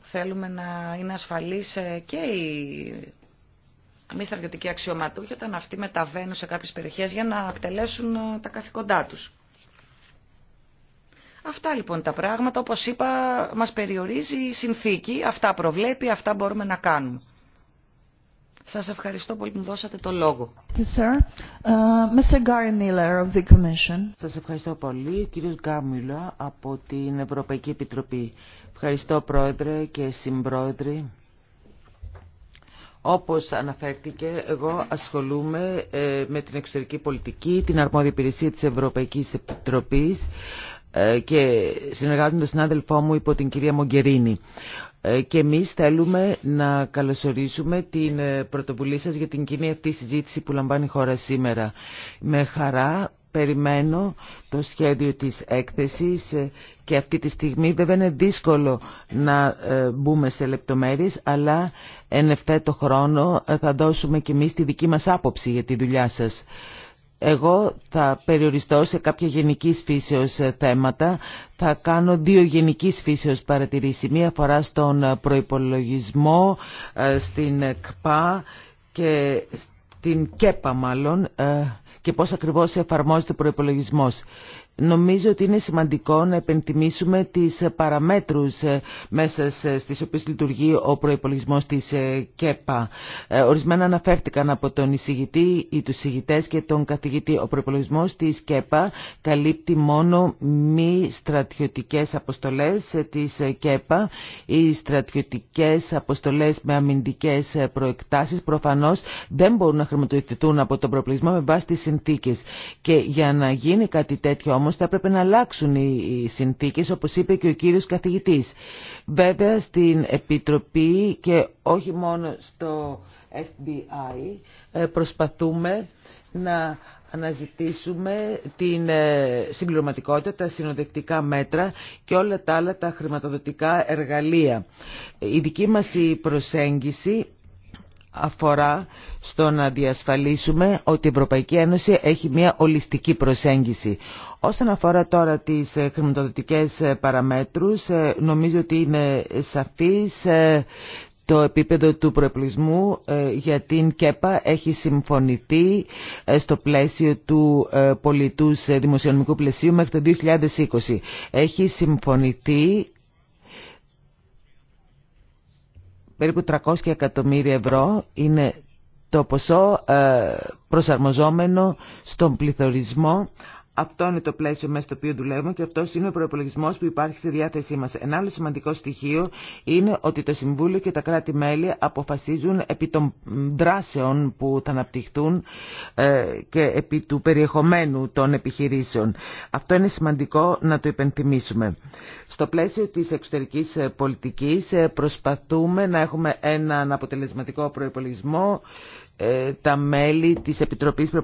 Θέλουμε να είναι ασφαλής ε, και η μη στρατιωτική αξιωματούχοι όταν αυτοί μεταβαίνουν σε κάποιες περιοχές για να εκτελέσουν ε, τα καθηκοντά τους. Αυτά λοιπόν τα πράγματα, όπως είπα, μας περιορίζει η συνθήκη, αυτά προβλέπει, αυτά μπορούμε να κάνουμε. Σας ευχαριστώ πολύ που μου δώσατε το λόγο. Uh, of the Commission. Σας ευχαριστώ πολύ, κύριε Γκάμιλα από την Ευρωπαϊκή Επιτροπή. Ευχαριστώ πρόεδρε και συμπρόεδρε. Όπως αναφέρθηκε, εγώ ασχολούμαι ε, με την εξωτερική πολιτική, την αρμόδια υπηρεσία της Ευρωπαϊκής Επιτροπής ε, και συνεργάζομαι με τον συνάδελφό μου υπό την κυρία Μογκερίνη. Ε, και εμείς θέλουμε να καλωσορίσουμε την ε, πρωτοβουλή σας για την κοινή αυτή συζήτηση που λαμβάνει η χώρα σήμερα. Με χαρά περιμένω το σχέδιο της έκθεσης ε, και αυτή τη στιγμή βέβαια είναι δύσκολο να μπούμε σε λεπτομέρειες αλλά εν ευθέτω χρόνο θα δώσουμε και εμείς τη δική μας άποψη για τη δουλειά σας. Εγώ θα περιοριστώ σε κάποια γενικής φύσεως ε, θέματα. Θα κάνω δύο γενικής φύσεως παρατηρήσεις. Μία αφορά στον ε, προϋπολογισμό, ε, στην ΚΠΑ και στην ΚΕΠΑ μάλλον και πώς ακριβώς εφαρμόζεται ο προϋπολογισμός. Νομίζω ότι είναι σημαντικό να επενθυμίσουμε τις παραμέτρους ε, μέσα ε, στις οποίες λειτουργεί ο προϋπολογισμός της ε, ΚΕΠΑ. Ορισμένα αναφέρθηκαν από τον εισηγητή ή τους εισηγητές και τον καθηγητή. Ο προϋπολογισμός της ΚΕΠΑ καλύπτει μόνο μη στρατιωτικές αποστολές της ΚΕΠΑ. Οι στρατιωτικές αποστολές με αμυντικές προεκτάσεις προφανώς δεν μπορούν να χρηματοδοτηθούν από τον προπολογισμό με βάση τις συνθήκες. Και για να γίνει κάτι τέτοιο όμως θα έπρεπε να αλλάξουν οι συνθήκες όπως είπε και ο κύριος καθηγητής. Βέβαια στην Επιτροπή και όχι μόνο στο FBI ε, προσπαθούμε να αναζητήσουμε την ε, συμπληρωματικότητα, τα συνοδευτικά μέτρα και όλα τα άλλα τα χρηματοδοτικά εργαλεία. Η δική μας η προσέγγιση αφορά στο να διασφαλίσουμε ότι η Ευρωπαϊκή Ένωση έχει μια ολιστική προσέγγιση. Όσον αφορά τώρα τις ε, χρηματοδοτικές ε, παραμέτρους, ε, νομίζω ότι είναι σαφής το επίπεδο του προεπλισμού για την ΚΕΠΑ έχει συμφωνηθεί στο πλαίσιο του πολιτούς δημοσιονομικού πλαισίου μέχρι το 2020. Έχει συμφωνηθεί περίπου 300 εκατομμύρια ευρώ είναι το ποσό ε, προσαρμοζόμενο στον πληθωρισμό αυτό είναι το πλαίσιο μέσα στο οποίο δουλεύουμε και αυτό είναι ο προπολογισμό που υπάρχει στη διάθεσή μα. Ένα άλλο σημαντικό στοιχείο είναι ότι το Συμβούλιο και τα κράτη-μέλη αποφασίζουν επί των δράσεων που θα αναπτυχθούν ε, και επί του περιεχομένου των επιχειρήσεων. Αυτό είναι σημαντικό να το υπενθυμίσουμε. Στο πλαίσιο τη εξωτερική ε, πολιτική ε, προσπαθούμε να έχουμε έναν αποτελεσματικό προπολογισμό ε, τα μέλη της Επιτροπής ε,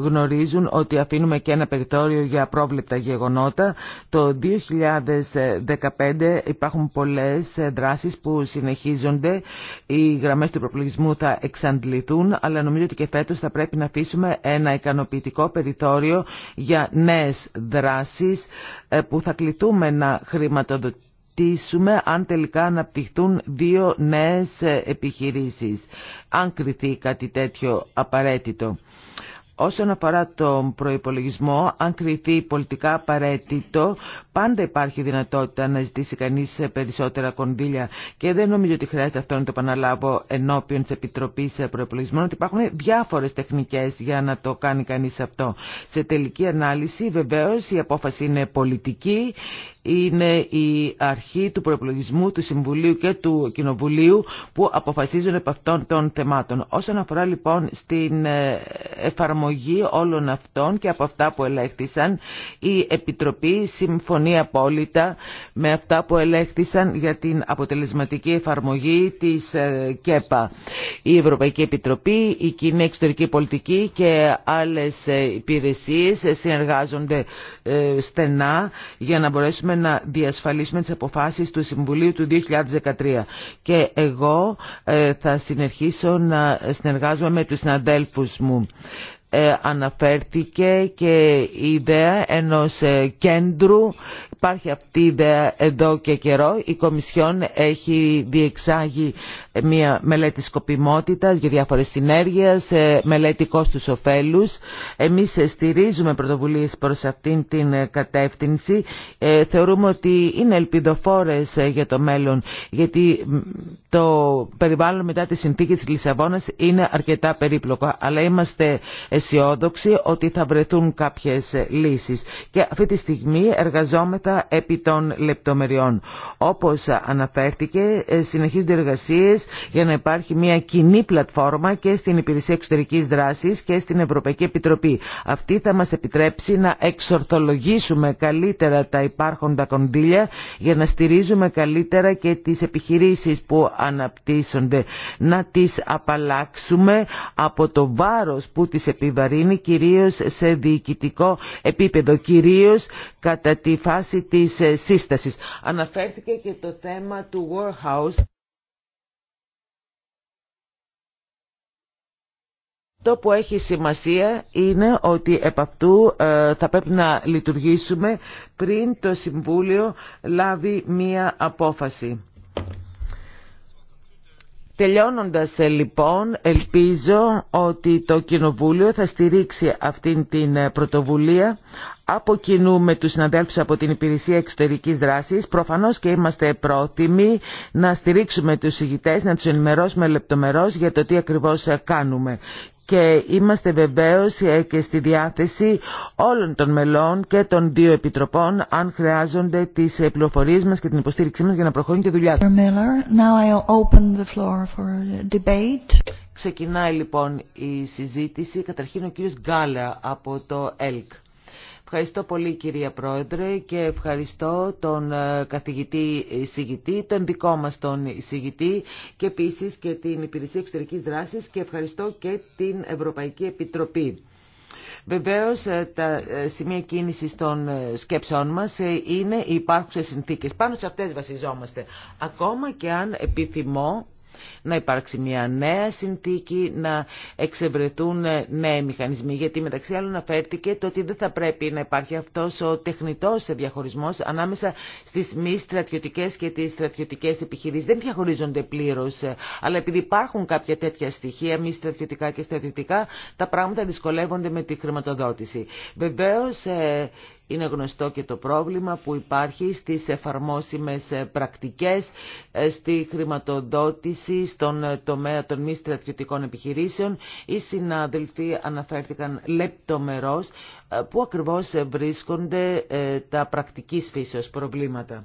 γνωρίζουν ότι αφήνουμε και ένα περιθώριο για πρόβλεπτα γεγονότα. Το 2015 υπάρχουν πολλές ε, δράσεις που συνεχίζονται. Οι γραμμές του προπολογισμού θα εξαντληθούν, αλλά νομίζω ότι και φέτος θα πρέπει να αφήσουμε ένα ικανοποιητικό περιθώριο για νέες δράσεις ε, που θα κληθούμε να χρηματοδοτήσουμε συζητήσουμε αν τελικά αναπτυχθούν δύο νέες επιχειρήσεις, αν κριθεί κάτι τέτοιο απαραίτητο. Όσον αφορά τον προϋπολογισμό, αν κριθεί πολιτικά απαραίτητο, πάντα υπάρχει δυνατότητα να ζητήσει κανείς περισσότερα κονδύλια. Και δεν νομίζω ότι χρειάζεται αυτό να το επαναλάβω ενώπιον της Επιτροπής Προϋπολογισμών, ότι υπάρχουν διάφορες τεχνικές για να το κάνει κανείς αυτό. Σε τελική ανάλυση, βεβαίως, η απόφαση είναι πολιτική, είναι η αρχή του προεπλογισμού του Συμβουλίου και του Κοινοβουλίου που αποφασίζουν επ' αυτών των θεμάτων. Όσον αφορά λοιπόν στην ε, εφαρμογή όλων αυτών και από αυτά που ελέγχθησαν, η Επιτροπή συμφωνεί απόλυτα με αυτά που ελέγχθησαν για την αποτελεσματική εφαρμογή της ε, ΚΕΠΑ. Η Ευρωπαϊκή Επιτροπή, η Κοινή Εξωτερική Πολιτική και άλλες ε, υπηρεσίες συνεργάζονται στενά για να μπορέσουμε να διασφαλίσουμε τις αποφάσεις του Συμβουλίου του 2013. Και εγώ ε, θα συνεχίσω να συνεργάζομαι με τους συναδέλφους μου. Ε, αναφέρθηκε και η ιδέα ενός ε, κέντρου. Υπάρχει αυτή η ιδέα εδώ και καιρό. Η Κομισιόν έχει διεξάγει μια μελέτη σκοπιμότητας για διάφορες συνέργειες, ε, μελέτη κόστους ωφέλους. Εμείς ε, στηρίζουμε πρωτοβουλίες προς αυτήν την ε, κατεύθυνση. Θεωρούμε ότι είναι ελπιδοφόρες για το μέλλον, γιατί το περιβάλλον μετά τη συνθήκη της Λισαβόνας είναι αρκετά περίπλοκο, αλλά είμαστε αισιόδοξοι ότι θα βρεθούν κάποιες λύσεις. Και αυτή τη στιγμή εργαζόμεθα επί των λεπτομεριών. Όπως αναφέρθηκε, συνεχίζονται εργασίες για να υπάρχει μια κοινή πλατφόρμα και στην Υπηρεσία Εξωτερικής Δράσης και στην Ευρωπαϊκή Επιτροπή. Αυτή θα μας επιτρέψει να εξορθολογήσουμε καλύτερα τα υπάρχοντα κονδύλια για να στηρίζουμε καλύτερα και τις επιχειρήσεις που αναπτύσσονται. Να τις απαλλάξουμε από το βάρος που τις επιβαρύνει κυρίως σε διοικητικό επίπεδο, κυρίως κατά τη φάση της ε, σύστασης. Αναφέρθηκε και το θέμα του Warhouse Το που έχει σημασία είναι ότι επ' αυτού ε, θα πρέπει να λειτουργήσουμε πριν το Συμβούλιο λάβει μία απόφαση. Τελειώνοντας ε, λοιπόν, ελπίζω ότι το Κοινοβούλιο θα στηρίξει αυτήν την ε, πρωτοβουλία από κοινού με τους συναδέλφους από την Υπηρεσία Εξωτερικής Δράσης. Προφανώς και είμαστε πρόθυμοι να στηρίξουμε τους ηγητές, να τους ενημερώσουμε λεπτομερώς για το τι ακριβώς κάνουμε και είμαστε βεβαίως ε, και στη διάθεση όλων των μελών και των δύο επιτροπών αν χρειάζονται τις ε, πληροφορίες μας και την υποστήριξή μας για να προχωρήσουν τη δουλειά Ξεκινάει λοιπόν η συζήτηση. Καταρχήν ο κύριος Γκάλα από το ΕΛΚ. Ευχαριστώ πολύ κυρία Πρόεδρε και ευχαριστώ τον ε, καθηγητή εισηγητή, τον δικό μας τον εισηγητή και επίσης και την Υπηρεσία Εξωτερικής Δράσης και ευχαριστώ και την Ευρωπαϊκή Επιτροπή. Βεβαίως ε, τα ε, σημεία κίνησης των σκέψεών μας είναι οι υπάρχουσες συνθήκες. Πάνω σε αυτές βασιζόμαστε. Ακόμα και αν επιθυμώ να υπάρξει μια νέα συνθήκη, να εξευρετούν ε, νέοι μηχανισμοί. Γιατί μεταξύ άλλων αναφέρθηκε το ότι δεν θα πρέπει να υπάρχει αυτός ο τεχνητός διαχωρισμός ανάμεσα στις μη στρατιωτικές και τις στρατιωτικές επιχειρήσεις. Δεν διαχωρίζονται πλήρως, ε, αλλά επειδή υπάρχουν κάποια τέτοια στοιχεία, μη στρατιωτικά και στρατιωτικά, τα πράγματα δυσκολεύονται με τη χρηματοδότηση. Βεβαίως ε, είναι γνωστό και το πρόβλημα που υπάρχει στις εφαρμόσιμες ε, πρακτικές, ε, στη χρηματοδότηση, στον ε, τομέα των μη στρατιωτικών επιχειρήσεων. Οι συνάδελφοι αναφέρθηκαν λεπτομερώς που ακριβώς βρίσκονται τα πρακτικής φύσεως προβλήματα.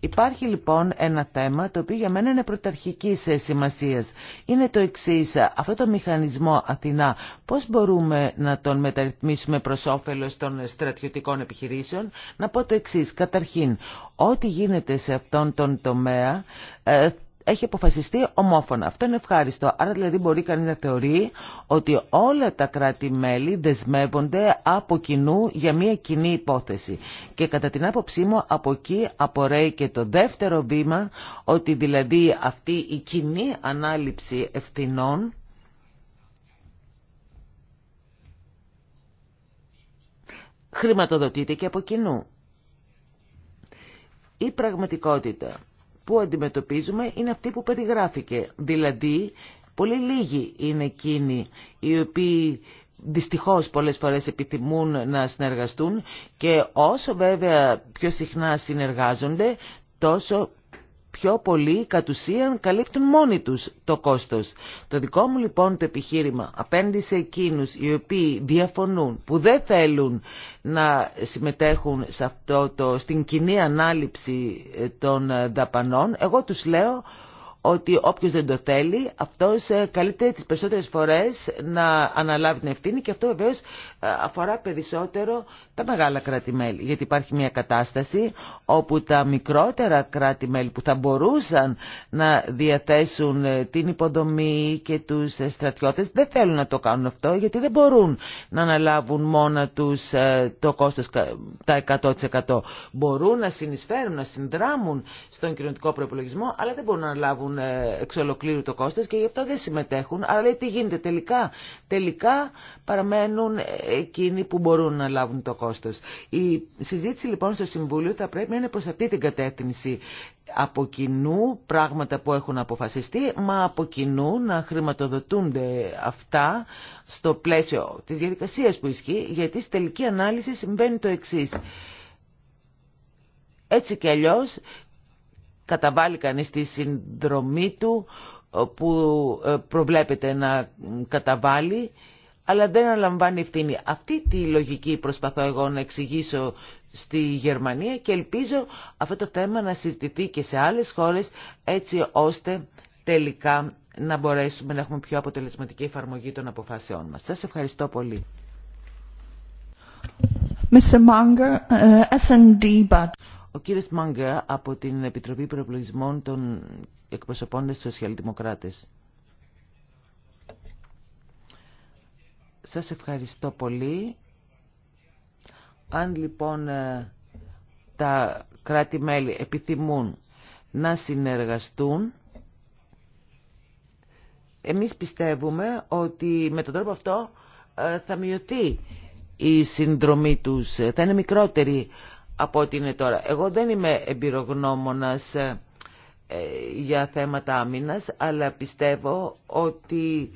Υπάρχει λοιπόν ένα θέμα το οποίο για μένα είναι πρωταρχικής ε, σημασίας. Είναι το εξής, αυτό το μηχανισμό Αθηνά, πώς μπορούμε να τον μεταρρυθμίσουμε προς όφελος των στρατιωτικών επιχειρήσεων. Να πω το εξής, καταρχήν, ό,τι γίνεται σε αυτόν τον τομέα ε, έχει αποφασιστεί ομόφωνα. Αυτό είναι ευχάριστο. Άρα δηλαδή μπορεί κανείς να θεωρεί ότι όλα τα κράτη-μέλη δεσμεύονται από κοινού για μια κοινή υπόθεση. Και κατά την άποψή μου από εκεί απορρέει και το δεύτερο βήμα ότι δηλαδή αυτή η κοινή ανάληψη ευθυνών χρηματοδοτείται και από κοινού. Η πραγματικότητα που αντιμετωπίζουμε είναι αυτή που περιγράφηκε. Δηλαδή, πολύ λίγοι είναι εκείνοι οι οποίοι δυστυχώς πολλές φορές επιθυμούν να συνεργαστούν και όσο βέβαια πιο συχνά συνεργάζονται, τόσο πιο πολύ κατ' ουσίαν καλύπτουν μόνοι τους το κόστος. Το δικό μου λοιπόν το επιχείρημα απέναντι σε εκείνους οι οποίοι διαφωνούν, που δεν θέλουν να συμμετέχουν σε αυτό το, στην κοινή ανάληψη ε, των ε, δαπανών, εγώ τους λέω ότι όποιος δεν το θέλει, αυτός ε, καλείται τις περισσότερες φορές να αναλάβει την ευθύνη και αυτό βεβαίως αφορά περισσότερο τα μεγάλα κράτη-μέλη. Γιατί υπάρχει μια κατάσταση όπου τα μικρότερα κράτη-μέλη που θα μπορούσαν να διαθέσουν ε, την υποδομή και τους ε, στρατιώτες δεν θέλουν να το κάνουν αυτό γιατί δεν μπορούν να αναλάβουν μόνα τους ε, το κόστος τα 100%. Μπορούν να συνεισφέρουν, να συνδράμουν στον κοινωνικό προπολογισμό αλλά δεν μπορούν να αναλάβουν εξ ολοκλήρου το κόστος και γι' αυτό δεν συμμετέχουν. Αλλά λέει τι γίνεται τελικά. Τελικά παραμένουν εκείνοι που μπορούν να λάβουν το κόστος. Η συζήτηση λοιπόν στο Συμβούλιο θα πρέπει να είναι προς αυτή την κατεύθυνση από κοινού πράγματα που έχουν αποφασιστεί, μα από κοινού να χρηματοδοτούνται αυτά στο πλαίσιο της διαδικασίας που ισχύει, γιατί στη τελική ανάλυση συμβαίνει το εξής. Έτσι κι αλλιώς καταβάλει κανείς τη συνδρομή του που ε, προβλέπεται να καταβάλει αλλά δεν αναλαμβάνει ευθύνη. Αυτή τη λογική προσπαθώ εγώ να εξηγήσω στη Γερμανία και ελπίζω αυτό το θέμα να συζητηθεί και σε άλλες χώρες έτσι ώστε τελικά να μπορέσουμε να έχουμε πιο αποτελεσματική εφαρμογή των αποφάσεών μας. Σας ευχαριστώ πολύ. Mr. Munger, uh, but... Ο κύριος Μάγκα από την Επιτροπή Προεπλογισμών των Εκπροσωπών της Σοσιαλδημοκράτες. Σας ευχαριστώ πολύ. Αν λοιπόν ε, τα κράτη-μέλη επιθυμούν να συνεργαστούν, εμείς πιστεύουμε ότι με τον τρόπο αυτό ε, θα μειωθεί η συνδρομή τους, ε, θα είναι μικρότερη από ό,τι είναι τώρα. Εγώ δεν είμαι εμπειρογνώμονας ε, για θέματα άμυνας, αλλά πιστεύω ότι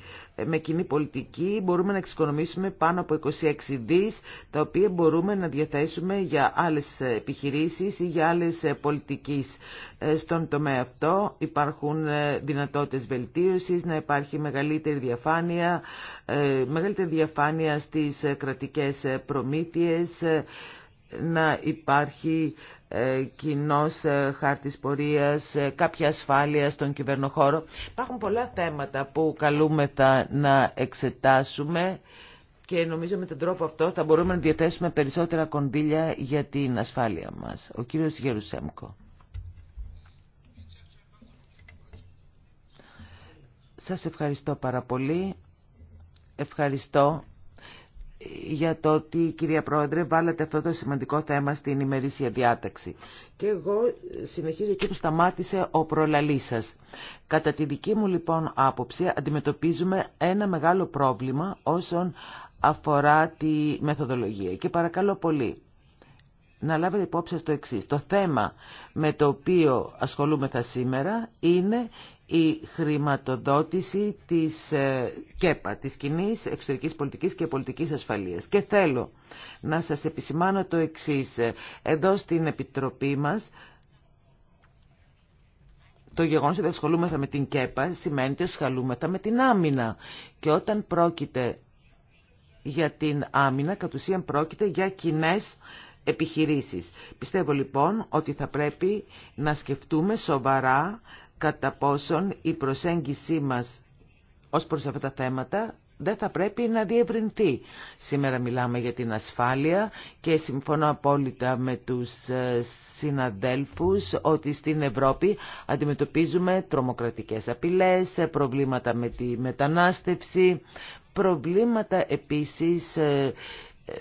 με κοινή πολιτική μπορούμε να εξοικονομήσουμε πάνω από 26 δις, τα οποία μπορούμε να διαθέσουμε για άλλες επιχειρήσεις ή για άλλες πολιτικές. Ε, στον τομέα αυτό υπάρχουν ε, δυνατότητες βελτίωσης, να υπάρχει μεγαλύτερη διαφάνεια, μεγαλύτερη διαφάνεια στις κρατικές προμήθειες, να υπάρχει ε, κοινός ε, χάρτη πορεία, ε, κάποια ασφάλεια στον κυβερνοχώρο. Υπάρχουν πολλά θέματα που καλούμεθα να εξετάσουμε και νομίζω με τον τρόπο αυτό θα μπορούμε να διαθέσουμε περισσότερα κονδύλια για την ασφάλεια μας. Ο κύριος Γερουσέμκο. Σας ευχαριστώ πάρα πολύ. Ευχαριστώ για το ότι, κυρία Πρόεδρε, βάλατε αυτό το σημαντικό θέμα στην ημερήσια διάταξη. Και εγώ συνεχίζω εκεί που σταμάτησε ο προλαλής σας. Κατά τη δική μου λοιπόν άποψη αντιμετωπίζουμε ένα μεγάλο πρόβλημα όσον αφορά τη μεθοδολογία. Και παρακαλώ πολύ να λάβετε υπόψη στο εξή. Το θέμα με το οποίο ασχολούμεθα σήμερα είναι η χρηματοδότηση της ε, ΚΕΠΑ, της κοινή Εξωτερικής Πολιτικής και Πολιτικής Ασφαλείας. Και θέλω να σας επισημάνω το εξής. Εδώ στην Επιτροπή μας το γεγονός ότι ασχολούμεθα με την ΚΕΠΑ σημαίνει ότι ασχολούμεθα με την άμυνα. Και όταν πρόκειται για την άμυνα, κατ' ουσίαν πρόκειται για κοινέ επιχειρήσεις. Πιστεύω λοιπόν ότι θα πρέπει να σκεφτούμε σοβαρά κατά πόσον η προσέγγιση μας ως προς αυτά τα θέματα δεν θα πρέπει να διευρυνθεί. Σήμερα μιλάμε για την ασφάλεια και συμφωνώ απόλυτα με τους ε, συναδέλφους ότι στην Ευρώπη αντιμετωπίζουμε τρομοκρατικές απειλές, προβλήματα με τη μετανάστευση, προβλήματα επίσης ε,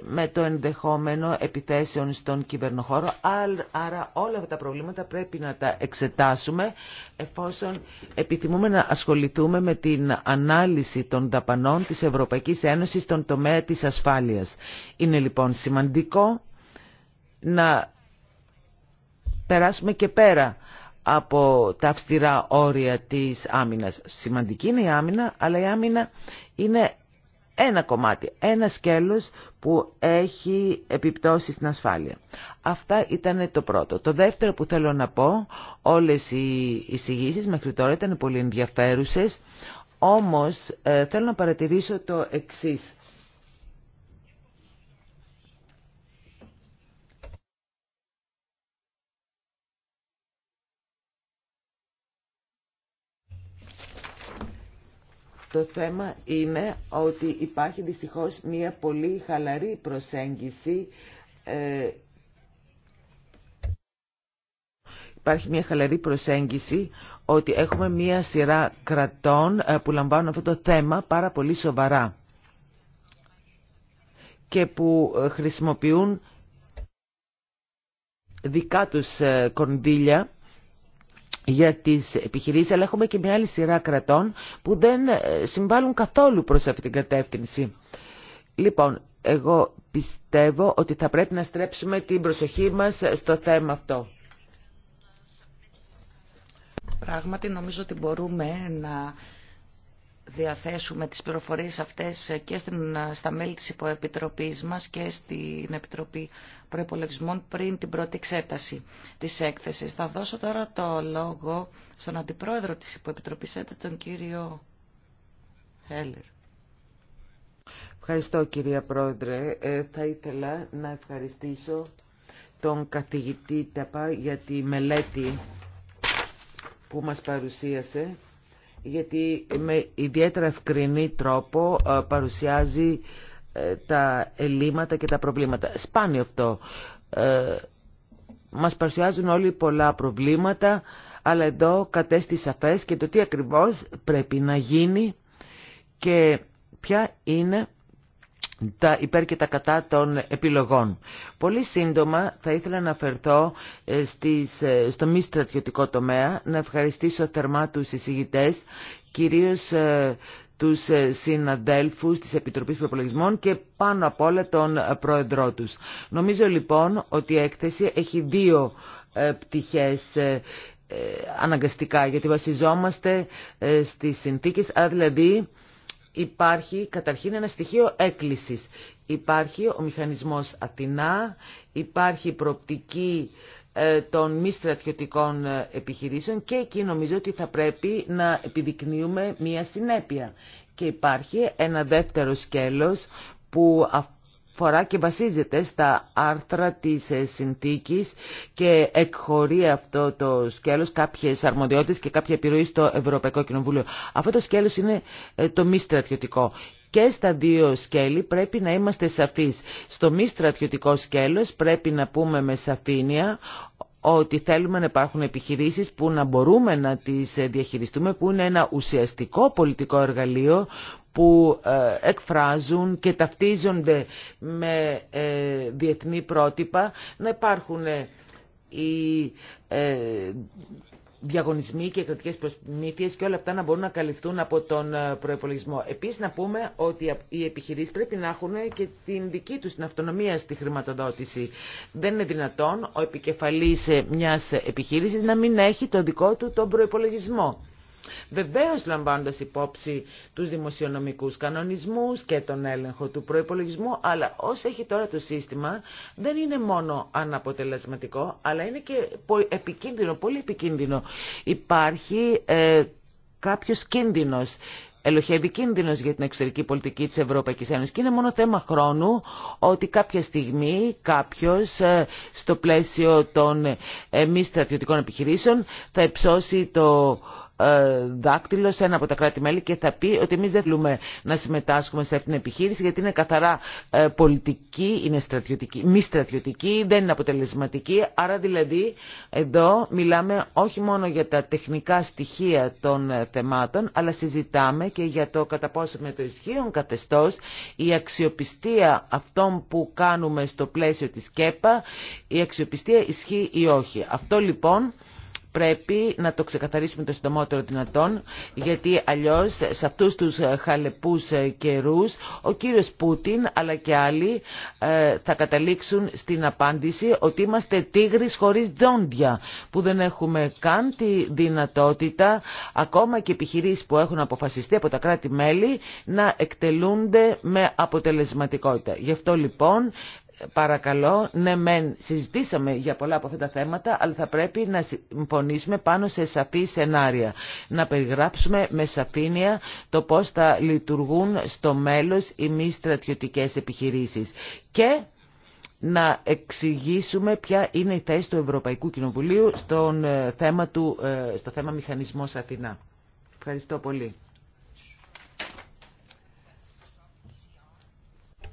με το ενδεχόμενο επιθέσεων στον κυβερνοχώρο. Άρα όλα αυτά τα προβλήματα πρέπει να τα εξετάσουμε εφόσον επιθυμούμε να ασχοληθούμε με την ανάλυση των δαπανών της Ευρωπαϊκής Ένωσης στον τομέα της ασφάλειας. Είναι λοιπόν σημαντικό να περάσουμε και πέρα από τα αυστηρά όρια της άμυνας. Σημαντική είναι η άμυνα, αλλά η άμυνα είναι ένα κομμάτι, ένα σκέλος που έχει επιπτώσει στην ασφάλεια. Αυτά ήταν το πρώτο. Το δεύτερο που θέλω να πω, όλες οι εισηγήσεις μέχρι τώρα ήταν πολύ ενδιαφέρουσες, όμως ε, θέλω να παρατηρήσω το εξής. Το θέμα είναι ότι υπάρχει δυστυχώς μία πολύ χαλαρή προσέγγιση ε, Υπάρχει μια χαλαρή προσέγγιση ότι έχουμε μια σειρά κρατών ε, που λαμβάνουν αυτό το θέμα πάρα πολύ σοβαρά και που ε, χρησιμοποιούν δικά τους ε, κονδύλια για τις επιχειρήσεις, αλλά έχουμε και μια άλλη σειρά κρατών που δεν ε, συμβάλλουν καθόλου προς αυτή την κατεύθυνση. Λοιπόν, εγώ πιστεύω ότι θα πρέπει να στρέψουμε την προσοχή μας στο θέμα αυτό. Πράγματι νομίζω ότι μπορούμε να διαθέσουμε τις πληροφορίες αυτές και στην, στα μέλη της υποεπιτροπής μας και στην Επιτροπή Προϋπολογισμών πριν την πρώτη εξέταση της έκθεσης. Θα δώσω τώρα το λόγο στον Αντιπρόεδρο της Υποεπιτροπής τον κύριο Χέλλερ. Ευχαριστώ κυρία Πρόεδρε. Ε, θα ήθελα να ευχαριστήσω τον καθηγητή Ταπά για τη μελέτη που μας παρουσίασε γιατί με ιδιαίτερα ευκρινή τρόπο ε, παρουσιάζει ε, τα ελλείμματα και τα προβλήματα. Σπάνιο αυτό. Ε, μας παρουσιάζουν όλοι πολλά προβλήματα, αλλά εδώ κατέστη σαφές και το τι ακριβώς πρέπει να γίνει και ποια είναι τα υπέρ και τα κατά των επιλογών. Πολύ σύντομα θα ήθελα να ε, στις, ε, στο μη στρατιωτικό τομέα, να ευχαριστήσω θερμά τους εισηγητές, κυρίως ε, τους συναδέλφους της Επιτροπής Προπολογισμών και πάνω απ' όλα τον πρόεδρό τους. Νομίζω λοιπόν ότι η έκθεση έχει δύο πτυχές αναγκαστικά, γιατί βασιζόμαστε στις συνθήκες, αλλά δηλαδή υπάρχει καταρχήν ένα στοιχείο έκκλησης. Υπάρχει ο μηχανισμός Αθηνά, υπάρχει η προοπτική ε, των μη στρατιωτικών ε, επιχειρήσεων και εκεί νομίζω ότι θα πρέπει να επιδεικνύουμε μία συνέπεια. Και υπάρχει ένα δεύτερο σκέλος που αφορά και βασίζεται στα άρθρα της ε, συνθήκης και εκχωρεί αυτό το σκέλος κάποιες αρμοδιότητες και κάποια επιρροή στο Ευρωπαϊκό Κοινοβούλιο. Αυτό το σκέλος είναι ε, το μη στρατιωτικό. Και στα δύο σκέλη πρέπει να είμαστε σαφείς. Στο μη στρατιωτικό σκέλος πρέπει να πούμε με σαφήνεια ότι θέλουμε να υπάρχουν επιχειρήσεις που να μπορούμε να τις ε, διαχειριστούμε, που είναι ένα ουσιαστικό πολιτικό εργαλείο που ε, εκφράζουν και ταυτίζονται με ε, διεθνή πρότυπα, να υπάρχουν ε, οι διαγωνισμοί και εκδοτικές προσμήθειε και όλα αυτά να μπορούν να καλυφθούν από τον προϋπολογισμό. Επίσης να πούμε ότι οι επιχειρήσεις πρέπει να έχουν και την δική τους την αυτονομία στη χρηματοδότηση. Δεν είναι δυνατόν ο επικεφαλής μιας επιχείρησης να μην έχει το δικό του τον προϋπολογισμό. Βεβαίως λαμβάνοντας υπόψη τους δημοσιονομικούς κανονισμούς και τον έλεγχο του προϋπολογισμού, αλλά όσο έχει τώρα το σύστημα δεν είναι μόνο αναποτελεσματικό, αλλά είναι και επικίνδυνο, πολύ επικίνδυνο. Υπάρχει ε, κάποιος κίνδυνος ελοχεύει κίνδυνο για την εξωτερική πολιτική τη Ευρωπαϊκή Ένωση. Και είναι μόνο θέμα χρόνου ότι κάποια στιγμή κάποιο ε, στο πλαίσιο των ε, μη στρατιωτικών επιχειρήσεων θα υψώσει το ε, δάκτυλο σε ένα από τα κράτη-μέλη και θα πει ότι εμείς δεν θέλουμε να συμμετάσχουμε σε αυτήν την επιχείρηση γιατί είναι καθαρά ε, πολιτική, είναι στρατιωτική, μη στρατιωτική, δεν είναι αποτελεσματική. Άρα δηλαδή εδώ μιλάμε όχι μόνο για τα τεχνικά στοιχεία των ε, θεμάτων αλλά συζητάμε και για το κατά πόσο με το ισχύον καθεστώ η αξιοπιστία αυτών που κάνουμε στο πλαίσιο της ΚΕΠΑ η αξιοπιστία ισχύει ή όχι. Αυτό λοιπόν Πρέπει να το ξεκαθαρίσουμε το συντομότερο δυνατόν, γιατί αλλιώς σε αυτούς τους χαλεπούς καιρούς ο κύριος Πούτιν αλλά και άλλοι ε, θα καταλήξουν στην απάντηση ότι είμαστε τίγρης χωρίς δόντια, που δεν έχουμε καν τη δυνατότητα ακόμα και επιχειρήσεις που έχουν αποφασιστεί από τα κράτη-μέλη να εκτελούνται με αποτελεσματικότητα. Γι' αυτό λοιπόν παρακαλώ, ναι μεν συζητήσαμε για πολλά από αυτά τα θέματα, αλλά θα πρέπει να συμφωνήσουμε πάνω σε σαφή σενάρια. Να περιγράψουμε με σαφήνεια το πώς θα λειτουργούν στο μέλος οι μη στρατιωτικές επιχειρήσεις. Και να εξηγήσουμε ποια είναι η θέση του Ευρωπαϊκού Κοινοβουλίου στον ε, θέμα του, ε, στο θέμα μηχανισμός Αθηνά. Ευχαριστώ πολύ.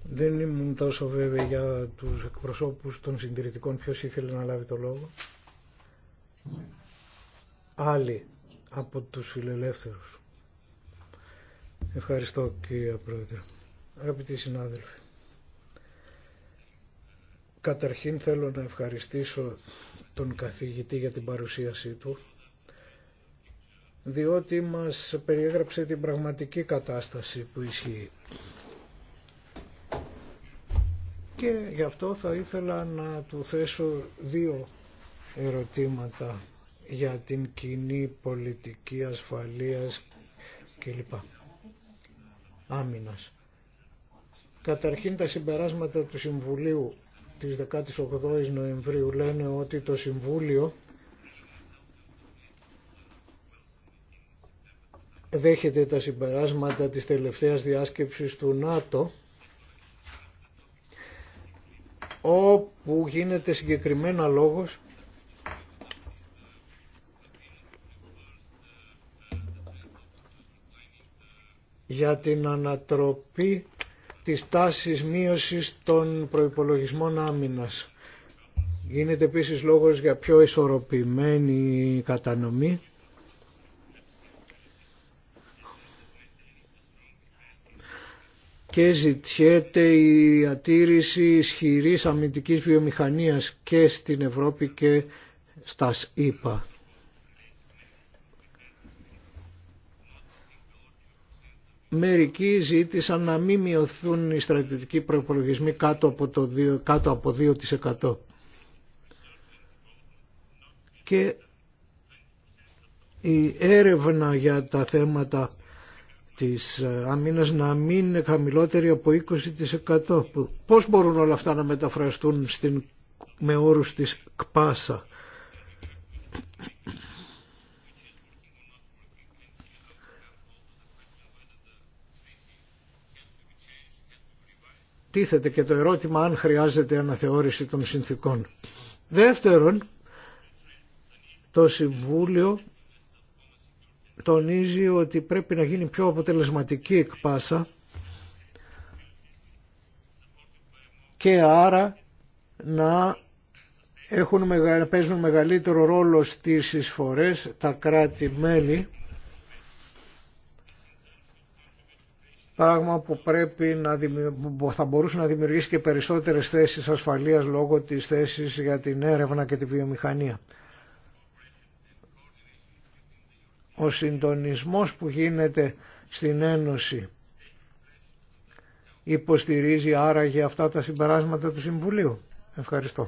Δεν ήμουν τόσο βέβαια για τους εκπροσώπους των συντηρητικών ποιος ήθελε να λάβει το λόγο. Άλλοι από τους φιλελεύθερους. Ευχαριστώ κύριε Πρόεδρε. Αγαπητοί συνάδελφοι. Καταρχήν θέλω να ευχαριστήσω τον καθηγητή για την παρουσίασή του διότι μας περιέγραψε την πραγματική κατάσταση που ισχύει και γι' αυτό θα ήθελα να του θέσω δύο ερωτήματα για την κοινή πολιτική ασφαλείας κλπ. Άμυνας. Καταρχήν τα συμπεράσματα του Συμβουλίου της 18ης Νοεμβρίου λένε ότι το Συμβούλιο δέχεται τα συμπεράσματα της τελευταίας διάσκεψης του ΝΑΤΟ όπου γίνεται συγκεκριμένα λόγος για την ανατροπή της τάσης μείωσης των προϋπολογισμών άμυνας. Γίνεται επίσης λόγος για πιο ισορροπημένη κατανομή και ζητιέται η ατήρηση ισχυρής αμυντικής βιομηχανίας και στην Ευρώπη και στα ΗΠΑ. Μερικοί ζήτησαν να μην μειωθούν οι στρατιωτικοί προπολογισμοί κάτω από, το 2, κάτω από 2%. Και η έρευνα για τα θέματα της άμυνας ε, να μην είναι χαμηλότερη από 20%. Πώς μπορούν όλα αυτά να μεταφραστούν στην, με όρους της ΚΠΑΣΑ. Τίθεται και το ερώτημα αν χρειάζεται αναθεώρηση των συνθήκων. Δεύτερον, το Συμβούλιο τονίζει ότι πρέπει να γίνει πιο αποτελεσματική εκπάσα και άρα να, έχουν, παίζουν μεγαλύτερο ρόλο στις εισφορές τα κράτη-μέλη πράγμα που, πρέπει να θα μπορούσε να δημιουργήσει και περισσότερες θέσεις ασφαλείας λόγω της θέσης για την έρευνα και τη βιομηχανία. ο συντονισμός που γίνεται στην Ένωση υποστηρίζει άραγε αυτά τα συμπεράσματα του Συμβουλίου. Ευχαριστώ.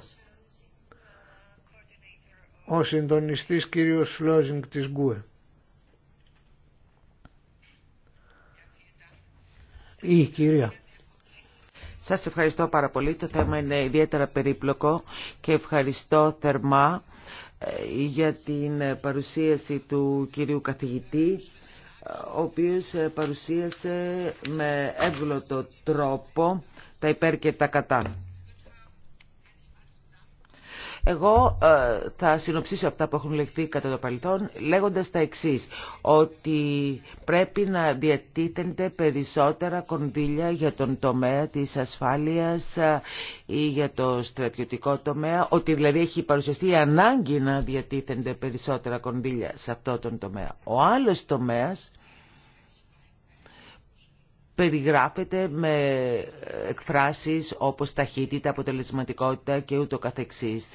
Ο συντονιστής κύριος Φλόζινγκ της Γκουε. Ή κυρία. Σας ευχαριστώ πάρα πολύ. Το θέμα είναι ιδιαίτερα περίπλοκο και ευχαριστώ θερμά ε, για την παρουσίαση του κυρίου καθηγητή ο οποίος ε, παρουσίασε με εύγλωτο τρόπο τα υπέρ και τα κατά. Εγώ ε, θα συνοψίσω αυτά που έχουν λεχθεί κατά το παρελθόν λέγοντας τα εξής, ότι πρέπει να διατίθενται περισσότερα κονδύλια για τον τομέα της ασφάλειας ε, ή για το στρατιωτικό τομέα, ότι δηλαδή έχει παρουσιαστεί η ανάγκη να διατίθενται περισσότερα κονδύλια σε αυτό τον τομέα. Ο άλλος τομέας περιγράφεται με εκφράσεις όπως ταχύτητα, αποτελεσματικότητα και ούτω καθεξής.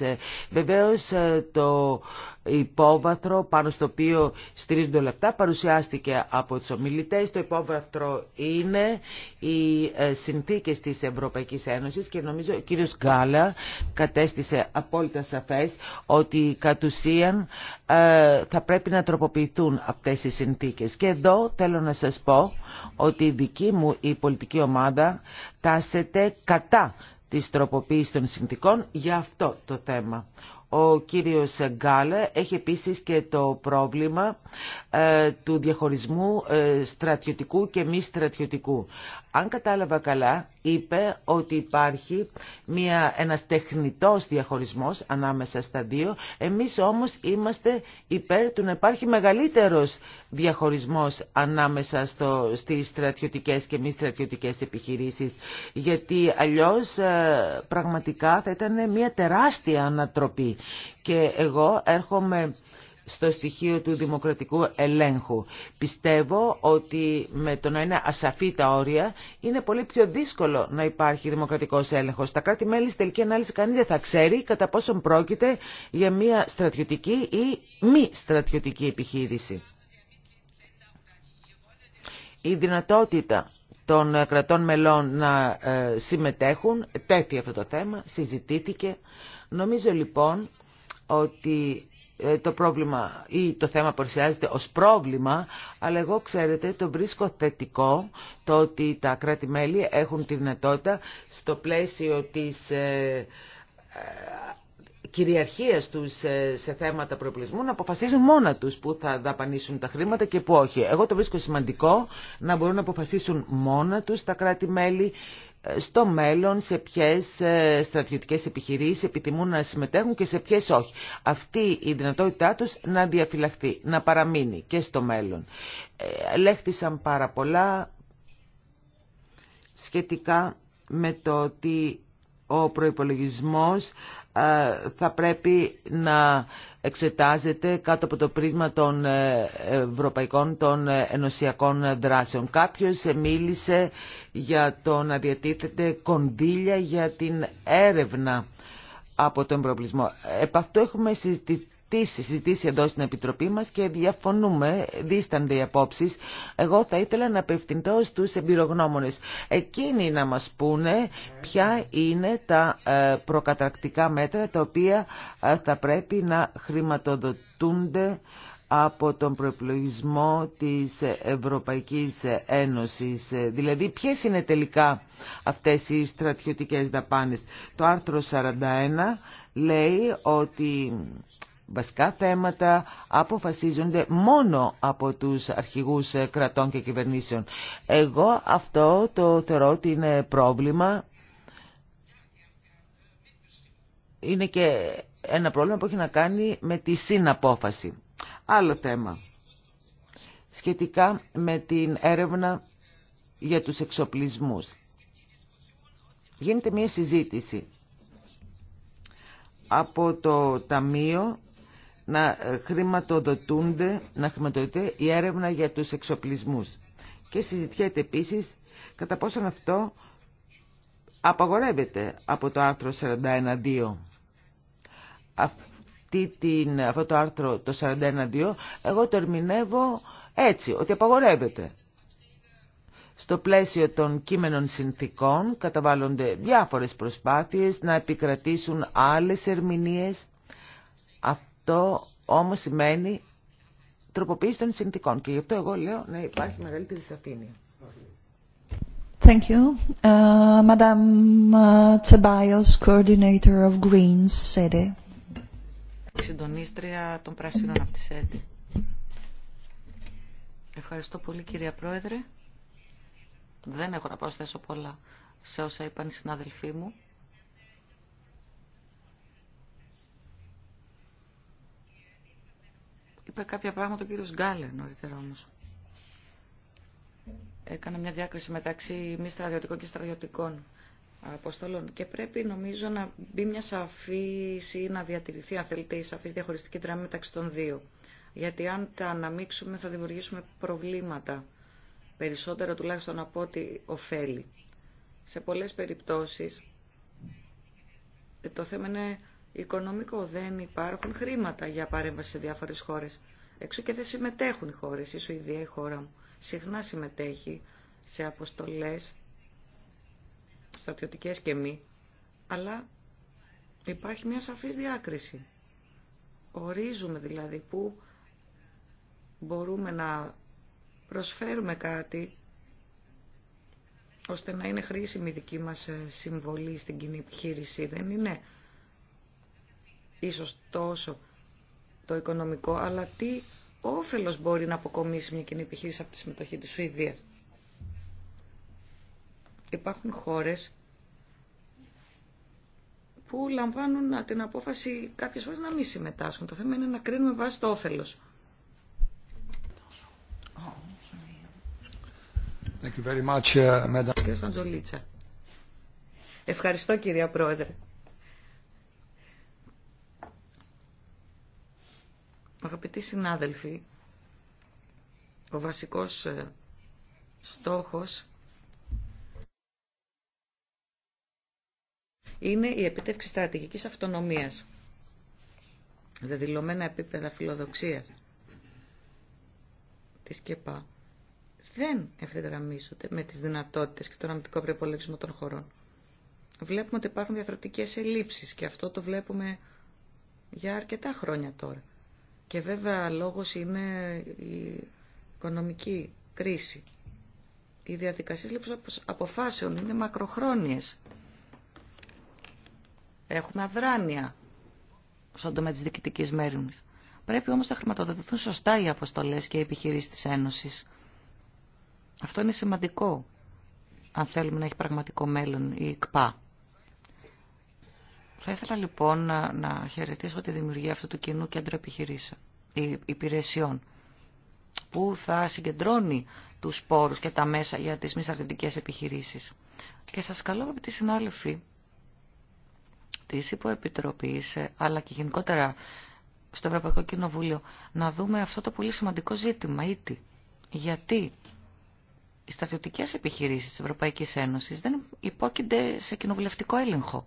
Βεβαίως ε, το υπόβαθρο πάνω στο οποίο στηρίζονται όλα αυτά παρουσιάστηκε από τους ομιλητές. Το υπόβαθρο είναι οι ε, συνθήκες της Ευρωπαϊκής Ένωσης και νομίζω ο κύριος Γκάλα κατέστησε απόλυτα σαφές ότι κατ' ουσίαν ε, θα πρέπει να τροποποιηθούν αυτές οι συνθήκες. Και εδώ θέλω να σας πω ότι η δική μου η πολιτική ομάδα τάσεται κατά της τροποποίησης των συνθήκων για αυτό το θέμα. Ο κύριος Γκάλε έχει επίσης και το πρόβλημα ε, του διαχωρισμού ε, στρατιωτικού και μη στρατιωτικού. Αν κατάλαβα καλά, είπε ότι υπάρχει μια, ένας τεχνητός διαχωρισμός ανάμεσα στα δύο. Εμείς όμως είμαστε υπέρ του να υπάρχει μεγαλύτερος διαχωρισμός ανάμεσα στο, στις στρατιωτικές και μη στρατιωτικές επιχειρήσεις. Γιατί αλλιώς ε, πραγματικά θα ήταν μια τεράστια ανατροπή. Και εγώ έρχομαι στο στοιχείο του δημοκρατικού ελέγχου. Πιστεύω ότι με το να είναι ασαφή τα όρια είναι πολύ πιο δύσκολο να υπάρχει δημοκρατικός έλεγχος. Τα κράτη-μέλη στην τελική ανάλυση κανείς δεν θα ξέρει κατά πόσον πρόκειται για μια στρατιωτική ή μη στρατιωτική επιχείρηση. Η δυνατότητα των κρατών μελών να ε, συμμετέχουν, τέτοιο αυτό το θέμα, συζητήθηκε. Νομίζω λοιπόν ότι ε, το πρόβλημα ή το θέμα παρουσιάζεται ως πρόβλημα, αλλά εγώ ξέρετε το βρίσκω θετικό το ότι τα κράτη-μέλη έχουν τη δυνατότητα στο πλαίσιο της ε, ε κυριαρχίας τους ε, σε θέματα προεπλισμού να αποφασίζουν μόνα τους που θα δαπανίσουν τα χρήματα και που όχι. Εγώ το βρίσκω σημαντικό να μπορούν να αποφασίσουν μόνα τους τα κράτη-μέλη στο μέλλον σε ποιες ε, στρατιωτικές επιχειρήσεις επιθυμούν να συμμετέχουν και σε ποιες όχι. Αυτή η δυνατότητά τους να διαφυλαχθεί, να παραμείνει και στο μέλλον. Ε, Λέχθησαν πάρα πολλά σχετικά με το ότι ο προϋπολογισμός ε, θα πρέπει να εξετάζεται κάτω από το πρίσμα των ε, ευρωπαϊκών, των ε, ενωσιακών δράσεων. Κάποιος μίλησε για το να διατίθεται κονδύλια για την έρευνα από τον προβλησμό. Επ' αυτό έχουμε συζητήσει τις συζητήσει εδώ στην Επιτροπή μας και διαφωνούμε, δίστανται οι απόψεις. Εγώ θα ήθελα να απευθυντώ στους εμπειρογνώμονες. Εκείνοι να μας πούνε ποια είναι τα ε, προκαταρκτικά μέτρα τα οποία ε, θα πρέπει να χρηματοδοτούνται από τον προεπλογισμό της Ευρωπαϊκής Ένωσης. Δηλαδή, ποιες είναι τελικά αυτές οι στρατιωτικές δαπάνες. Το άρθρο 41 λέει ότι βασικά θέματα αποφασίζονται μόνο από τους αρχηγούς κρατών και κυβερνήσεων. Εγώ αυτό το θεωρώ ότι είναι πρόβλημα. Είναι και ένα πρόβλημα που έχει να κάνει με τη συναπόφαση. Άλλο θέμα. Σχετικά με την έρευνα για τους εξοπλισμούς. Γίνεται μια συζήτηση από το Ταμείο να ε, χρηματοδοτούνται, να χρηματοδοτεί η έρευνα για τους εξοπλισμούς. Και συζητιέται επίσης κατά πόσον αυτό απαγορεύεται από το άρθρο 41.2. Αυτή την, αυτό το άρθρο το 41.2 εγώ το ερμηνεύω έτσι, ότι απαγορεύεται. Στο πλαίσιο των κείμενων συνθήκων καταβάλλονται διάφορες προσπάθειες να επικρατήσουν άλλες ερμηνείες. Αυτό όμως σημαίνει τροποποίηση των συνθήκων και γι' αυτό εγώ λέω να υπάρχει μεγαλύτερη σαφήνεια. Thank you. Uh, Madam uh, coordinator of Greens, SEDE. Συντονίστρια των Πρασίνων τη ΣΕΔΕ. Ευχαριστώ πολύ κυρία Πρόεδρε. Δεν έχω να προσθέσω πολλά σε όσα είπαν οι συνάδελφοί μου. Είπε κάποια πράγματα ο κύριος Γκάλε νωρίτερα όμως. Έκανε μια διάκριση μεταξύ μη στρατιωτικών και στρατιωτικών αποστολών και πρέπει νομίζω να μπει μια σαφή ή να διατηρηθεί αν θέλετε η σαφής διαχωριστική τραμμή μεταξύ των δύο. Γιατί αν τα αναμίξουμε θα δημιουργήσουμε προβλήματα περισσότερο τουλάχιστον από ό,τι ωφέλει. Σε πολλές περιπτώσεις το θέμα είναι οικονομικό. Δεν υπάρχουν χρήματα για παρέμβαση σε διάφορες χώρες. Έξω και δεν συμμετέχουν οι χώρες. Η Σουηδία, η χώρα μου, συχνά συμμετέχει σε αποστολές στατιοτικές και μη. Αλλά υπάρχει μια σαφής διάκριση. Ορίζουμε δηλαδή που μπορούμε να προσφέρουμε κάτι ώστε να είναι χρήσιμη η δική μας συμβολή στην κοινή επιχείρηση. Δεν είναι ίσως τόσο το οικονομικό, αλλά τι όφελος μπορεί να αποκομίσει μια κοινή επιχείρηση από τη συμμετοχή της Σουηδίας. Υπάρχουν χώρες που λαμβάνουν την απόφαση κάποιες φορές να μην συμμετάσχουν. Το θέμα είναι να κρίνουμε βάσει το όφελος. Thank you very much, uh, Ευχαριστώ κυρία Πρόεδρε. Αγαπητοί συνάδελφοι, ο βασικός ε, στόχος είναι η επιτεύξη στρατηγικής αυτονομίας, δεδηλωμένα επίπεδα φιλοδοξίας της ΚΕΠΑ δεν ευθυγραμμίζονται με τις δυνατότητες και τον αμυντικό προπολογισμό των χωρών. Βλέπουμε ότι υπάρχουν διαφορετικές ελλείψεις και αυτό το βλέπουμε για αρκετά χρόνια τώρα. Και βέβαια λόγος είναι η οικονομική κρίση. Οι διαδικασίες λοιπόν αποφάσεων είναι μακροχρόνιες. Έχουμε αδράνεια στον τομέα της διοικητικής μέρημνης. Πρέπει όμως να χρηματοδοτηθούν σωστά οι αποστολές και οι επιχειρήσεις της Ένωσης. Αυτό είναι σημαντικό αν θέλουμε να έχει πραγματικό μέλλον η ΕΚΠΑ. Θα ήθελα λοιπόν να, να χαιρετήσω τη δημιουργία αυτού του κοινού κέντρου επιχειρήσεων, υπηρεσιών, που θα συγκεντρώνει τους πόρους και τα μέσα για τις μη στρατιωτικές επιχειρήσεις. Και σας καλώ από τη συνάλλευση της Υποεπιτροπής, ε, αλλά και γενικότερα στο Ευρωπαϊκό Κοινοβούλιο, να δούμε αυτό το πολύ σημαντικό ζήτημα, Γιατί οι στρατιωτικές επιχειρήσεις της Ευρωπαϊκής Ένωσης δεν υπόκεινται σε κοινοβουλευτικό έλεγχο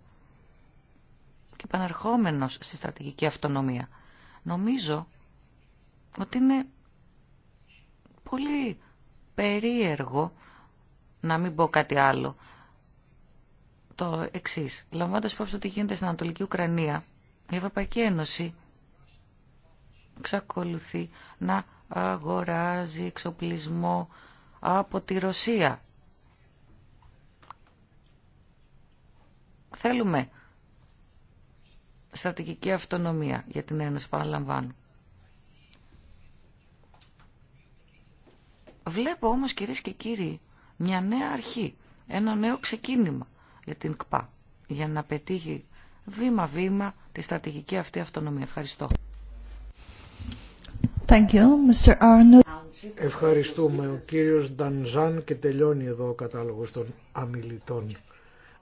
και επαναρχόμενος στη στρατηγική αυτονομία. Νομίζω ότι είναι πολύ περίεργο, να μην πω κάτι άλλο, το εξή. Λαμβάνοντα υπόψη ότι γίνεται στην Ανατολική Ουκρανία, η Ευρωπαϊκή Ένωση εξακολουθεί να αγοράζει εξοπλισμό από τη Ρωσία. Θέλουμε στρατηγική αυτονομία για την Ένωση, παραλαμβάνω. Βλέπω όμως κυρίες και κύριοι μια νέα αρχή, ένα νέο ξεκίνημα για την ΚΠΑ, για να πετύχει βήμα-βήμα τη στρατηγική αυτή αυτονομία. Ευχαριστώ. Thank you, Mr. Arnold. Ευχαριστούμε. Ο κύριος Ντανζάν και τελειώνει εδώ ο κατάλογος των αμιλητών.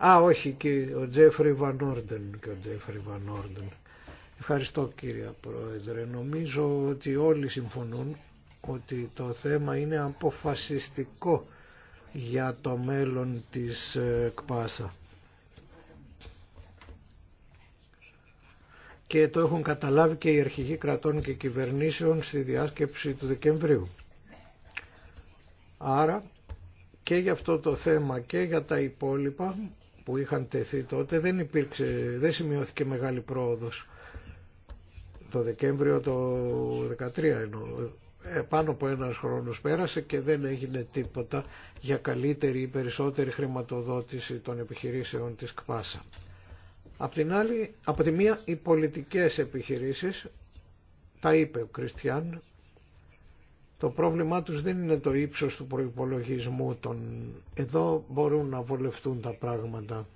Α, όχι, και ο Τζέφρι Βαν Όρντεν και ο Τζέφρι Βαν Ευχαριστώ κύριε Πρόεδρε. Νομίζω ότι όλοι συμφωνούν ότι το θέμα είναι αποφασιστικό για το μέλλον της ε, ΚΠΑΣΑ. Και το έχουν καταλάβει και οι αρχηγοί κρατών και κυβερνήσεων στη διάσκεψη του Δεκεμβρίου. Άρα και για αυτό το θέμα και για τα υπόλοιπα που είχαν τεθεί τότε δεν, υπήρξε, δεν σημειώθηκε μεγάλη πρόοδος. Το Δεκέμβριο το 2013 εννοώ. Ε, πάνω από ένας χρόνος πέρασε και δεν έγινε τίποτα για καλύτερη ή περισσότερη χρηματοδότηση των επιχειρήσεων της ΚΠΑΣΑ. Απ' την άλλη, από τη μία οι πολιτικές επιχειρήσεις, τα είπε ο Κριστιαν, το πρόβλημά τους δεν είναι το ύψος του προϋπολογισμού των... Εδώ μπορούν να βολευτούν τα πράγματα.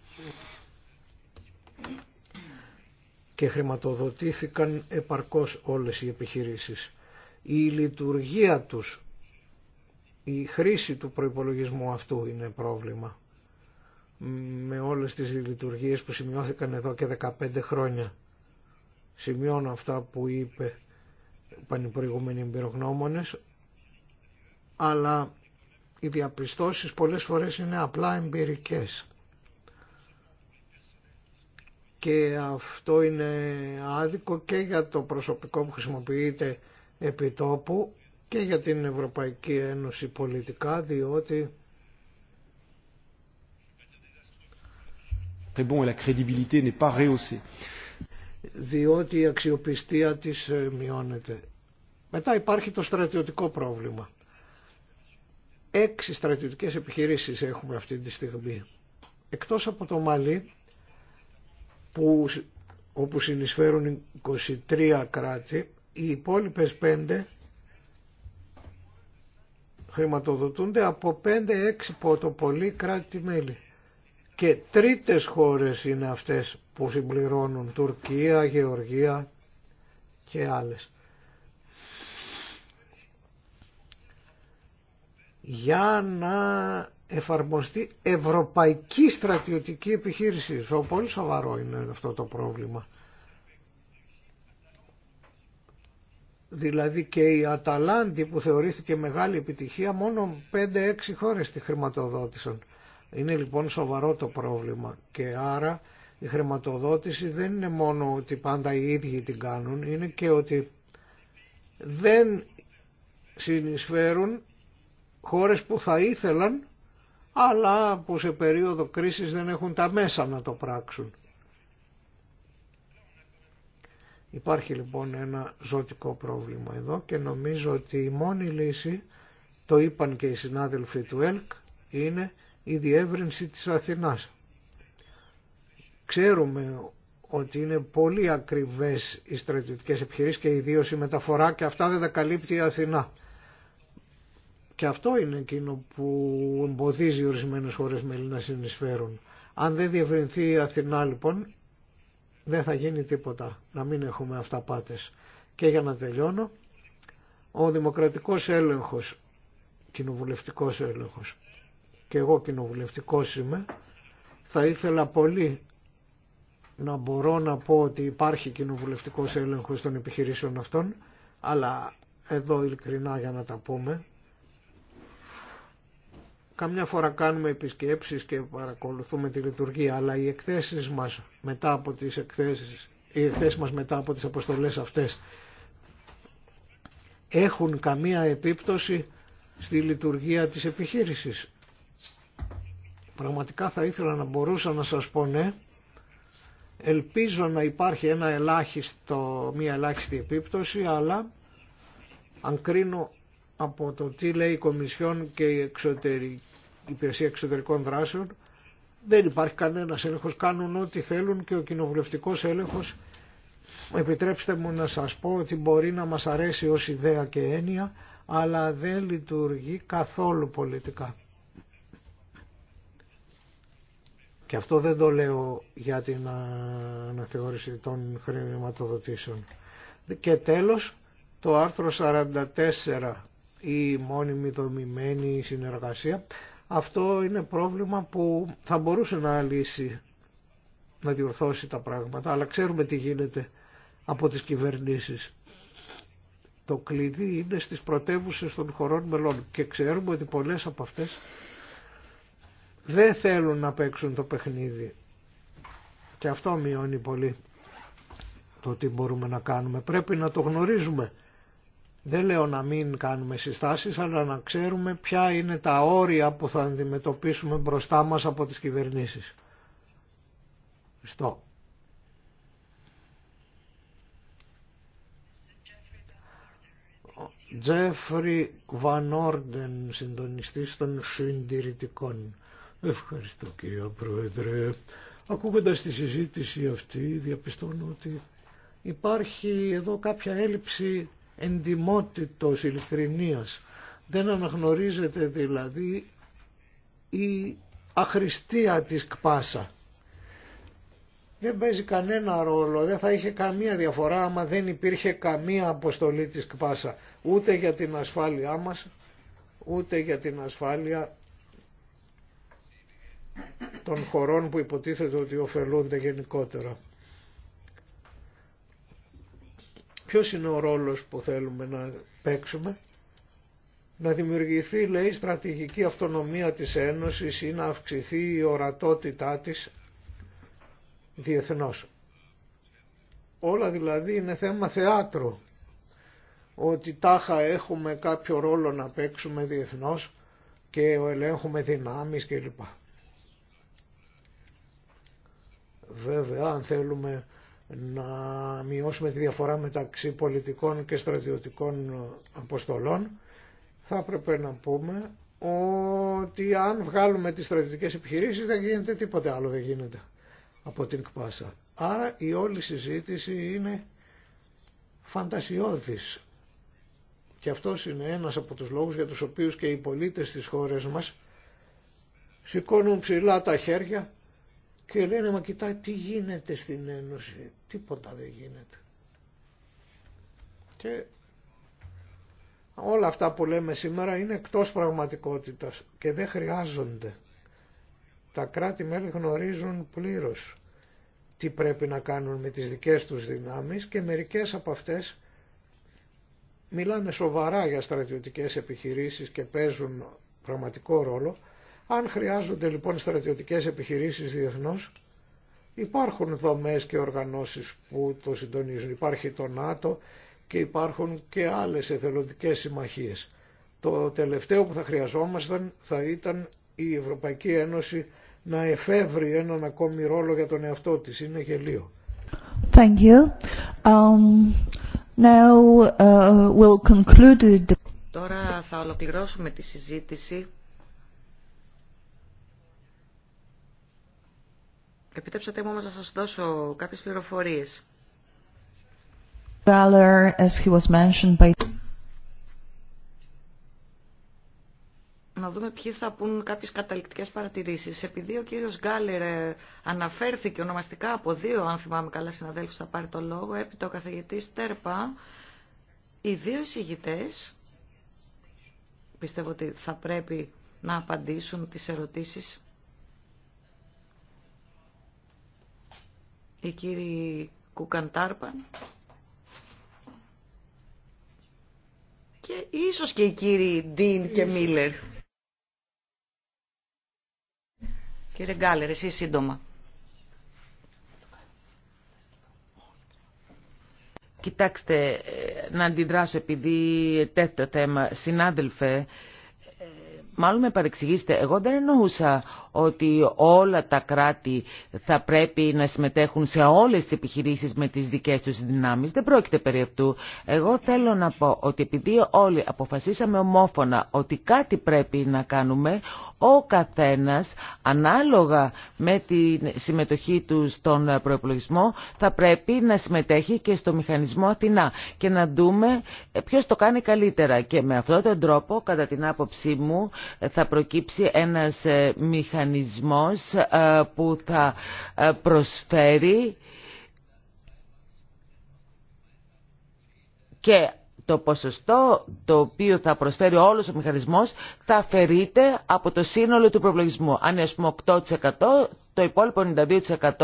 Και χρηματοδοτήθηκαν επαρκώς όλες οι επιχειρήσεις. Η λειτουργία τους, η χρήση του προϋπολογισμού αυτού είναι πρόβλημα. Με όλες τις λειτουργίες που σημειώθηκαν εδώ και 15 χρόνια. Σημειώνω αυτά που είπε πανυπροηγούμενοι εμπειρογνώμονες αλλά οι διαπιστώσεις πολλές φορές είναι απλά εμπειρικές. Και αυτό είναι άδικο και για το προσωπικό που χρησιμοποιείται επί τόπου και για την Ευρωπαϊκή Ένωση πολιτικά, διότι διότι η αξιοπιστία της μειώνεται. Μετά υπάρχει το στρατιωτικό πρόβλημα. Έξι στρατιωτικές επιχειρήσεις έχουμε αυτή τη στιγμή. Εκτός από το Μαλί, που, όπου συνεισφέρουν 23 κράτη, οι υπόλοιπες πέντε χρηματοδοτούνται από 5-6 ποτοπολί κρατη κράτη-μέλη. Και τρίτες χώρες είναι αυτές που συμπληρώνουν Τουρκία, Γεωργία και άλλες. για να εφαρμοστεί ευρωπαϊκή στρατιωτική επιχείρηση. Σο, πολύ σοβαρό είναι αυτό το πρόβλημα. Δηλαδή και η Αταλάντη που θεωρήθηκε μεγάλη επιτυχία μόνο 5-6 χώρες τη χρηματοδότησαν. Είναι λοιπόν σοβαρό το πρόβλημα και άρα η χρηματοδότηση δεν είναι μόνο ότι πάντα οι ίδιοι την κάνουν, είναι και ότι δεν συνεισφέρουν χώρες που θα ήθελαν αλλά που σε περίοδο κρίσης δεν έχουν τα μέσα να το πράξουν. Υπάρχει λοιπόν ένα ζωτικό πρόβλημα εδώ και νομίζω ότι η μόνη λύση, το είπαν και οι συνάδελφοι του ΕΛΚ, είναι η διεύρυνση της Αθηνάς. Ξέρουμε ότι είναι πολύ ακριβές οι στρατιωτικές επιχειρήσεις και ιδίως η μεταφορά και αυτά δεν τα καλύπτει η Αθηνά. Και αυτό είναι εκείνο που εμποδίζει ορισμένε χώρε μέλη να συνεισφέρουν. Αν δεν διευρυνθεί η Αθηνά λοιπόν, δεν θα γίνει τίποτα, να μην έχουμε αυταπάτε. Και για να τελειώνω, ο δημοκρατικός έλεγχο, κοινοβουλευτικό έλεγχο, και εγώ κοινοβουλευτικό είμαι, θα ήθελα πολύ να μπορώ να πω ότι υπάρχει κοινοβουλευτικός έλεγχος των επιχειρήσεων αυτών, αλλά εδώ ειλικρινά για να τα πούμε, Καμιά φορά κάνουμε επισκέψεις και παρακολουθούμε τη λειτουργία, αλλά οι εκθέσεις μας μετά από τις εκθέσεις, οι εκθέσεις μας μετά από τις αποστολές αυτές έχουν καμία επίπτωση στη λειτουργία της επιχείρησης. Πραγματικά θα ήθελα να μπορούσα να σας πω ναι, ελπίζω να υπάρχει ένα ελάχιστο, μια ελάχιστη επίπτωση, αλλά αν κρίνω από το τι λέει η Κομισιόν και η εξωτερική Υπηρεσία Εξωτερικών Δράσεων, δεν υπάρχει κανένας έλεγχος, κάνουν ό,τι θέλουν και ο κοινοβουλευτικός έλεγχος, επιτρέψτε μου να σας πω ότι μπορεί να μας αρέσει ως ιδέα και έννοια, αλλά δεν λειτουργεί καθόλου πολιτικά. Και αυτό δεν το λέω για την αναθεώρηση των χρηματοδοτήσεων. Και τέλος, το άρθρο 44, η μόνιμη δομημένη συνεργασία, αυτό είναι πρόβλημα που θα μπορούσε να λύσει, να διορθώσει τα πράγματα, αλλά ξέρουμε τι γίνεται από τις κυβερνήσεις. Το κλειδί είναι στις πρωτεύουσες των χωρών μελών και ξέρουμε ότι πολλές από αυτές δεν θέλουν να παίξουν το παιχνίδι. Και αυτό μειώνει πολύ το τι μπορούμε να κάνουμε. Πρέπει να το γνωρίζουμε δεν λέω να μην κάνουμε συστάσεις, αλλά να ξέρουμε ποια είναι τα όρια που θα αντιμετωπίσουμε μπροστά μας από τις κυβερνήσεις. Χριστό. Τζέφρι Βαν Όρντεν, συντονιστής των συντηρητικών. Ευχαριστώ κύριε Πρόεδρε. Ακούγοντας τη συζήτηση αυτή διαπιστώνω ότι υπάρχει εδώ κάποια έλλειψη εντιμότητος, ειλικρινίας. Δεν αναγνωρίζεται δηλαδή η αχρηστία της ΚΠΑΣΑ. Δεν παίζει κανένα ρόλο, δεν θα είχε καμία διαφορά άμα δεν υπήρχε καμία αποστολή της ΚΠΑΣΑ. Ούτε για την ασφάλειά μας, ούτε για την ασφάλεια των χωρών που υποτίθεται ότι ωφελούνται γενικότερα. Ποιος είναι ο ρόλος που θέλουμε να παίξουμε. Να δημιουργηθεί λέει στρατηγική αυτονομία της Ένωσης ή να αυξηθεί η ορατότητά της διεθνώς. Όλα δηλαδή είναι θέμα θεάτρου. Ότι τάχα έχουμε κάποιο ρόλο να παίξουμε διεθνώς και ελέγχουμε δυνάμεις κλπ. Βέβαια αν θέλουμε να μειώσουμε τη διαφορά μεταξύ πολιτικών και στρατιωτικών αποστολών, θα έπρεπε να πούμε ότι αν βγάλουμε τις στρατιωτικές επιχειρήσεις δεν γίνεται τίποτε άλλο δεν γίνεται από την ΚΠΑΣΑ. Άρα η όλη συζήτηση είναι φαντασιώδης. Και αυτό είναι ένας από τους λόγους για τους οποίους και οι πολίτες της χώρας μας σηκώνουν ψηλά τα χέρια και λένε μα κοίτα τι γίνεται στην Ένωση. Τίποτα δεν γίνεται. Και όλα αυτά που λέμε σήμερα είναι εκτός πραγματικότητας και δεν χρειάζονται. Τα κράτη-μέλη γνωρίζουν πλήρως τι πρέπει να κάνουν με τις δικές τους δυνάμεις και μερικές από αυτές μιλάνε σοβαρά για στρατιωτικές επιχειρήσεις και παίζουν πραγματικό ρόλο, αν χρειάζονται λοιπόν στρατιωτικές επιχειρήσεις διεθνώς, υπάρχουν δομές και οργανώσεις που το συντονίζουν. Υπάρχει το ΝΑΤΟ και υπάρχουν και άλλες εθελοντικές συμμαχίες. Το τελευταίο που θα χρειαζόμασταν θα ήταν η Ευρωπαϊκή Ένωση να εφεύρει έναν ακόμη ρόλο για τον εαυτό της. Είναι γελίο. Thank you. Um, now, uh, Τώρα θα ολοκληρώσουμε τη συζήτηση. Επιτρέψατε μου όμως να σας δώσω κάποιες πληροφορίες. as he was mentioned by... Να δούμε ποιοι θα πούν κάποιες καταληκτικές παρατηρήσεις. Επειδή ο κύριος Γκάλερ ε, αναφέρθηκε ονομαστικά από δύο, αν θυμάμαι καλά, συναδέλφους θα πάρει το λόγο, έπειτα ο καθηγητής Τέρπα, οι δύο εισηγητές, πιστεύω ότι θα πρέπει να απαντήσουν τις ερωτήσεις η κύριη Κουκαντάρπαν και ίσως και η κύριη Ντίν και Μίλλερ. Κύριε Γκάλερ, εσύ σύντομα. Κοιτάξτε, να αντιδράσω επειδή τέτοιο θέμα. Συνάδελφε, ε, μάλλον με παρεξηγήσετε, εγώ δεν εννοούσα ότι όλα τα κράτη θα πρέπει να συμμετέχουν σε όλες τις επιχειρήσεις με τις δικές τους δυνάμεις. Δεν πρόκειται περί αυτού. Εγώ θέλω να πω ότι επειδή όλοι αποφασίσαμε ομόφωνα ότι κάτι πρέπει να κάνουμε, ο καθένας ανάλογα με τη συμμετοχή του στον προϋπολογισμό θα πρέπει να συμμετέχει και στο μηχανισμό Αθηνά και να δούμε ε, ποιος το κάνει καλύτερα. Και με αυτόν τον τρόπο, κατά την άποψή μου, ε, θα προκύψει ένας ε, μηχανισμό μηχανισμός ε, που θα ε, προσφέρει και το ποσοστό το οποίο θα προσφέρει όλος ο μηχανισμός θα αφαιρείται από το σύνολο του προβλογισμού. Αν είναι 8% το υπόλοιπο 92%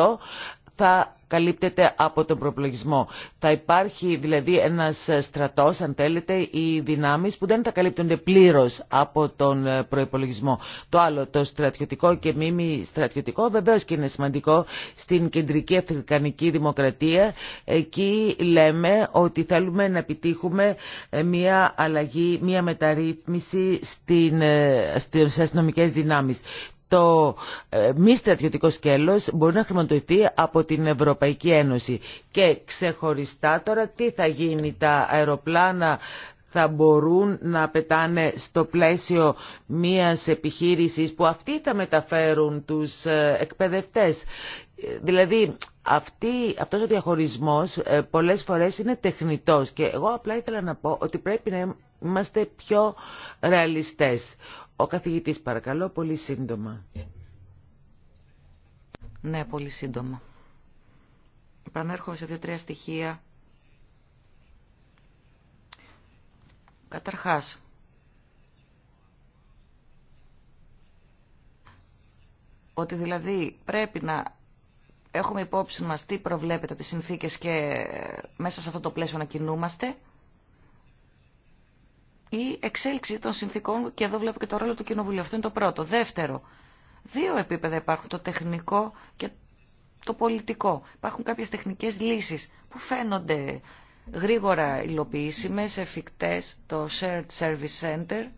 θα καλύπτεται από τον προπλογισμό. Θα υπάρχει δηλαδή ένας στρατός, αν θέλετε, οι δυνάμεις που δεν θα καλύπτονται πλήρως από τον ε, προϋπολογισμό. Το άλλο, το στρατιωτικό και μη μη στρατιωτικό, βεβαίως και είναι σημαντικό στην κεντρική αφρικανική δημοκρατία. Εκεί λέμε ότι θέλουμε να επιτύχουμε ε, μια αλλαγή, μια μεταρρύθμιση στην, ε, στις αστυνομικές δυνάμεις το ε, μη στρατιωτικό σκέλος μπορεί να χρηματοδοτηθεί από την Ευρωπαϊκή Ένωση. Και ξεχωριστά τώρα τι θα γίνει τα αεροπλάνα θα μπορούν να πετάνε στο πλαίσιο μιας επιχείρησης που αυτοί θα μεταφέρουν τους ε, εκπαιδευτές. Δηλαδή αυτή, αυτός ο διαχωρισμός ε, πολλές φορές είναι τεχνητός και εγώ απλά ήθελα να πω ότι πρέπει να είμαστε πιο ρεαλιστές. Ο καθηγητής παρακαλώ πολύ σύντομα. Ναι, πολύ σύντομα. Επανέρχομαι σε δύο-τρία στοιχεία. Καταρχάς, ότι δηλαδή πρέπει να έχουμε υπόψη μας τι προβλέπεται από τις συνθήκες και μέσα σε αυτό το πλαίσιο να κινούμαστε η εξέλιξη των συνθήκων και εδώ βλέπω και το ρόλο του Κοινοβουλίου. Αυτό είναι το πρώτο. Δεύτερο, δύο επίπεδα υπάρχουν, το τεχνικό και το πολιτικό. Υπάρχουν κάποιες τεχνικές λύσεις που φαίνονται γρήγορα υλοποιήσιμες, εφικτές, το Shared Service Center,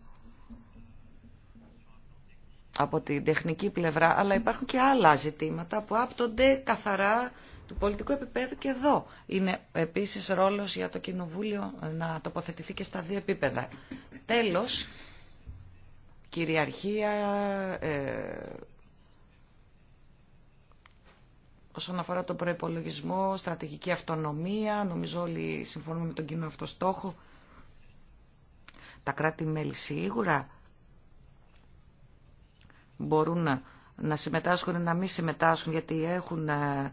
από την τεχνική πλευρά, αλλά υπάρχουν και άλλα ζητήματα που άπτονται καθαρά του πολιτικού επίπεδου και εδώ. Είναι επίσης ρόλος για το Κοινοβούλιο να τοποθετηθεί και στα δύο επίπεδα. Τέλος, κυριαρχία ε, όσον αφορά τον προϋπολογισμό, στρατηγική αυτονομία, νομίζω όλοι συμφωνούμε με τον κοινό αυτό στόχο. Τα κράτη-μέλη σίγουρα μπορούν να, να συμμετάσχουν ή να μην συμμετάσχουν γιατί έχουν ε,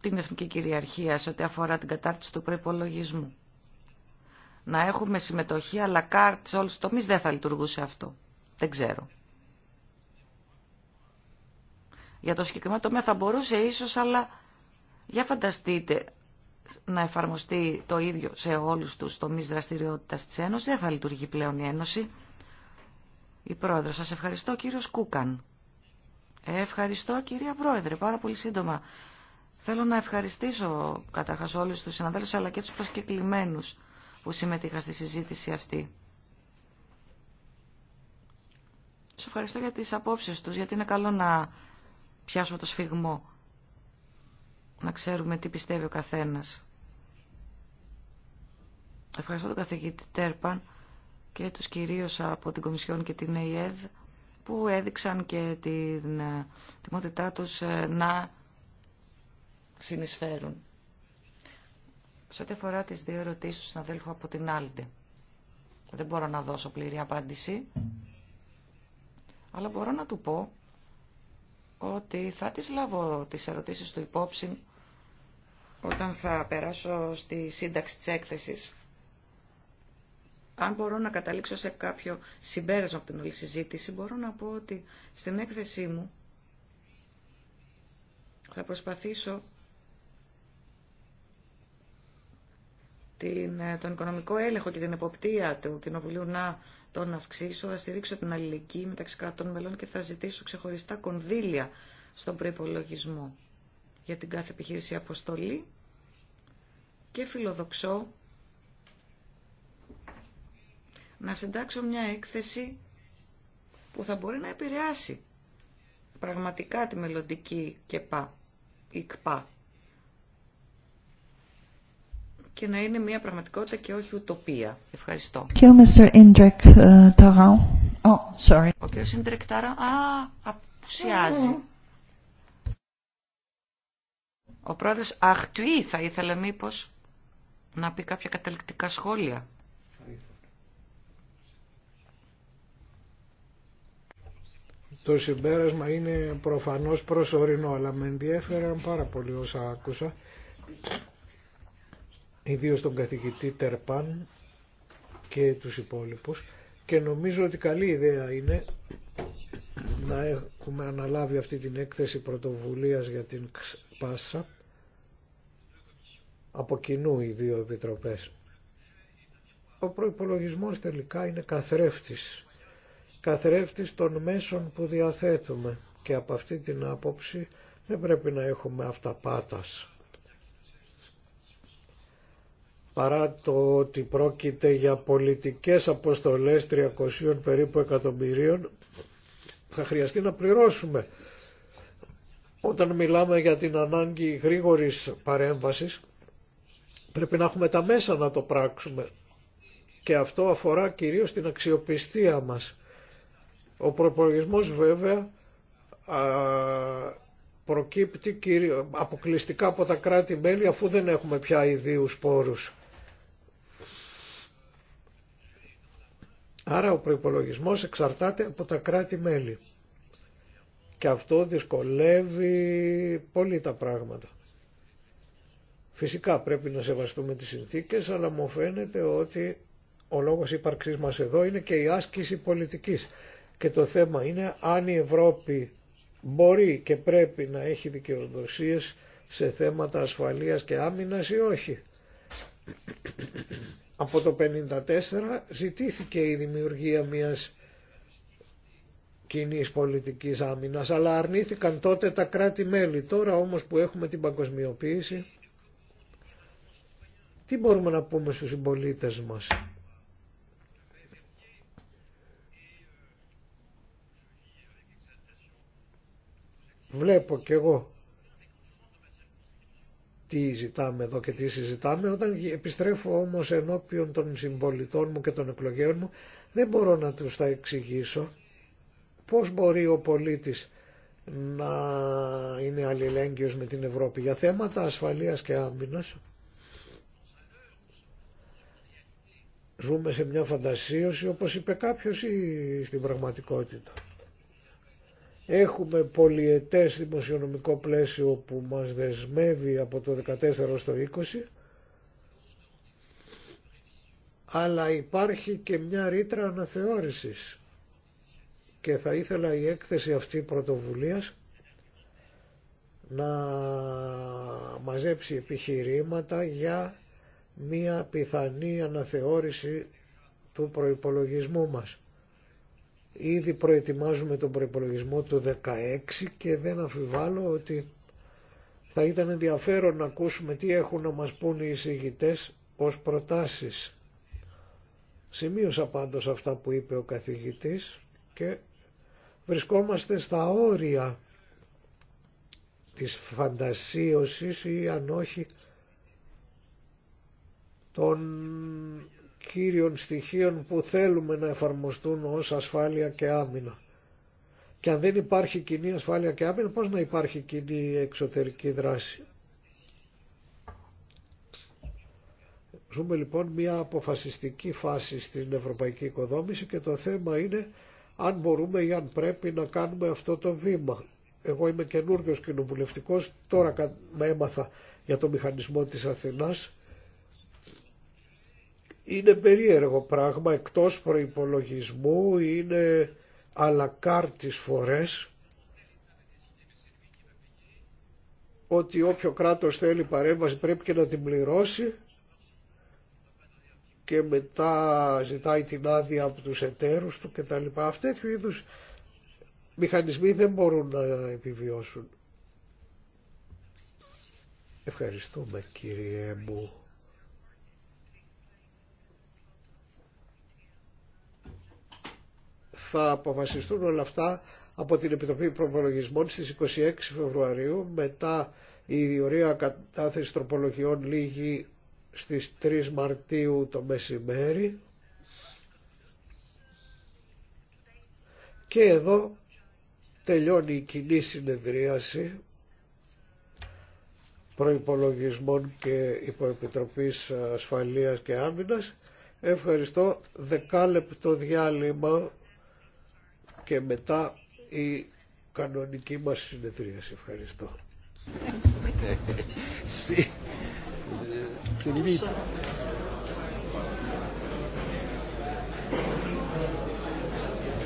την εθνική κυριαρχία σε ό,τι αφορά την κατάρτιση του προϋπολογισμού. Να έχουμε συμμετοχή αλλά κάρτ σε όλους τους τομείς δεν θα λειτουργούσε αυτό. Δεν ξέρω. Για το συγκεκριμένο τομέα θα μπορούσε ίσω, αλλά για φανταστείτε να εφαρμοστεί το ίδιο σε όλους του τομεί δραστηριότητα τη Ένωση. δεν θα λειτουργεί πλέον η Ένωση. Η πρόεδρο, σας ευχαριστώ κύριο Κούκαν. Ευχαριστώ κυρία πρόεδρε, πάρα πολύ σύντομα. Θέλω να ευχαριστήσω καταρχά όλου του συναδέλφου αλλά και τους προσκεκλημένου που συμμετείχα στη συζήτηση αυτή. Σας ευχαριστώ για τις απόψεις τους, γιατί είναι καλό να πιάσουμε το σφιγμό, να ξέρουμε τι πιστεύει ο καθένας. Ευχαριστώ τον καθηγητή Τέρπαν και τους κυρίως από την Κομισιόν και την ΕΙΕΔ που έδειξαν και την ε, τιμότητά τους ε, να συνεισφέρουν. Σε ό,τι αφορά τις δύο ερωτήσεις του συναδέλφου από την Άλντε, δεν μπορώ να δώσω πλήρη απάντηση, αλλά μπορώ να του πω ότι θα τις λάβω τις ερωτήσεις του υπόψη όταν θα περάσω στη σύνταξη της έκθεσης αν μπορώ να καταλήξω σε κάποιο συμπέρασμα από την όλη συζήτηση, μπορώ να πω ότι στην έκθεσή μου θα προσπαθήσω την, ε, τον οικονομικό έλεγχο και την εποπτεία του Κοινοβουλίου να τον αυξήσω, θα στηρίξω την αλληλεγγύη μεταξύ κρατών μελών και θα ζητήσω ξεχωριστά κονδύλια στον προϋπολογισμό για την κάθε επιχείρηση αποστολή και φιλοδοξώ να συντάξω μια έκθεση που θα μπορεί να επηρεάσει πραγματικά τη μελλοντική ΚΕΠΑ, η ΚΠΑ. Και να είναι μια πραγματικότητα και όχι ουτοπία. Ευχαριστώ. Και uh, oh, ο Mr. Indrek Ο α, απουσιάζει. Ο πρόεδρος Αχτουή θα ήθελε μήπως να πει κάποια καταληκτικά σχόλια. Το συμπέρασμα είναι προφανώς προσωρινό, αλλά με ενδιέφεραν πάρα πολύ όσα άκουσα, ιδίω τον καθηγητή Τερπάν και τους υπόλοιπους και νομίζω ότι καλή ιδέα είναι να έχουμε αναλάβει αυτή την έκθεση πρωτοβουλίας για την πάσα από κοινού οι δύο επιτροπές. Ο προϋπολογισμός τελικά είναι καθρέφτης καθρέφτης των μέσων που διαθέτουμε και από αυτή την άποψη δεν πρέπει να έχουμε αυταπάτας. Παρά το ότι πρόκειται για πολιτικές αποστολές 300 περίπου εκατομμυρίων θα χρειαστεί να πληρώσουμε. Όταν μιλάμε για την ανάγκη γρήγορης παρέμβασης πρέπει να έχουμε τα μέσα να το πράξουμε και αυτό αφορά κυρίως την αξιοπιστία μας ο προπολογισμό βέβαια προκύπτει αποκλειστικά από τα κράτη-μέλη αφού δεν έχουμε πια ιδίους πόρους. Άρα ο προϋπολογισμός εξαρτάται από τα κράτη-μέλη. Και αυτό δυσκολεύει πολύ τα πράγματα. Φυσικά πρέπει να σεβαστούμε τις συνθήκες, αλλά μου φαίνεται ότι ο λόγος ύπαρξής μας εδώ είναι και η άσκηση πολιτικής. Και το θέμα είναι αν η Ευρώπη μπορεί και πρέπει να έχει δικαιοδοσίες σε θέματα ασφαλείας και άμυνας ή όχι. Από το 1954 ζητήθηκε η δημιουργία μιας κοινή πολιτικής άμυνας, αλλά αρνήθηκαν τότε τα κράτη-μέλη. Τώρα όμως που έχουμε την παγκοσμιοποίηση, τι μπορούμε να πούμε στους συμπολίτε μας. Βλέπω κι εγώ τι ζητάμε εδώ και τι συζητάμε. Όταν επιστρέφω όμως ενώπιον των συμπολιτών μου και των εκλογέων μου, δεν μπορώ να τους τα εξηγήσω πώς μπορεί ο πολίτης να είναι αλληλέγγυος με την Ευρώπη για θέματα ασφαλείας και άμυνας. Ζούμε σε μια φαντασίωση όπως είπε κάποιος ή στην πραγματικότητα. Έχουμε πολιετές δημοσιονομικό πλαίσιο που μας δεσμεύει από το 14 στο 20 αλλά υπάρχει και μια ρήτρα αναθεώρησης και θα ήθελα η έκθεση αυτή πρωτοβουλίας να μαζέψει επιχειρήματα για μια πιθανή αναθεώρηση του προϋπολογισμού μας. Ήδη προετοιμάζουμε τον προϋπολογισμό του 16 και δεν αφιβάλλω ότι θα ήταν ενδιαφέρον να ακούσουμε τι έχουν να μας πούν οι εισηγητές ως προτάσεις. Σημείωσα πάντως αυτά που είπε ο καθηγητής και βρισκόμαστε στα όρια της φαντασίωσης ή αν όχι των κύριων στοιχείων που θέλουμε να εφαρμοστούν ως ασφάλεια και άμυνα. Και αν δεν υπάρχει κοινή ασφάλεια και άμυνα, πώς να υπάρχει κοινή εξωτερική δράση. Ζούμε λοιπόν μια αποφασιστική φάση στην ευρωπαϊκή οικοδόμηση και το θέμα είναι αν μπορούμε ή αν πρέπει να κάνουμε αυτό το βήμα. Εγώ είμαι καινούργιος κοινοβουλευτικό, τώρα έμαθα για το μηχανισμό της Αθηνάς είναι περίεργο πράγμα εκτός προϋπολογισμού, είναι αλακάρτης φορές ότι όποιο κράτος θέλει παρέμβαση πρέπει και να την πληρώσει και μετά ζητάει την άδεια από τους εταίρους του κτλ. αυτές τέτοιου είδους μηχανισμοί δεν μπορούν να επιβιώσουν. Ευχαριστούμε κύριε μου. θα αποφασιστούν όλα αυτά από την Επιτροπή Προπολογισμών στις 26 Φεβρουαρίου μετά η διορία κατάθεση τροπολογιών λίγη στις 3 Μαρτίου το μεσημέρι και εδώ τελειώνει η κοινή συνεδρίαση προϋπολογισμών και υποεπιτροπής ασφαλείας και άμυνας. Ευχαριστώ. Δεκάλεπτο διάλειμμα και μετά η κανονική μας συνεδρίαση. Ευχαριστώ.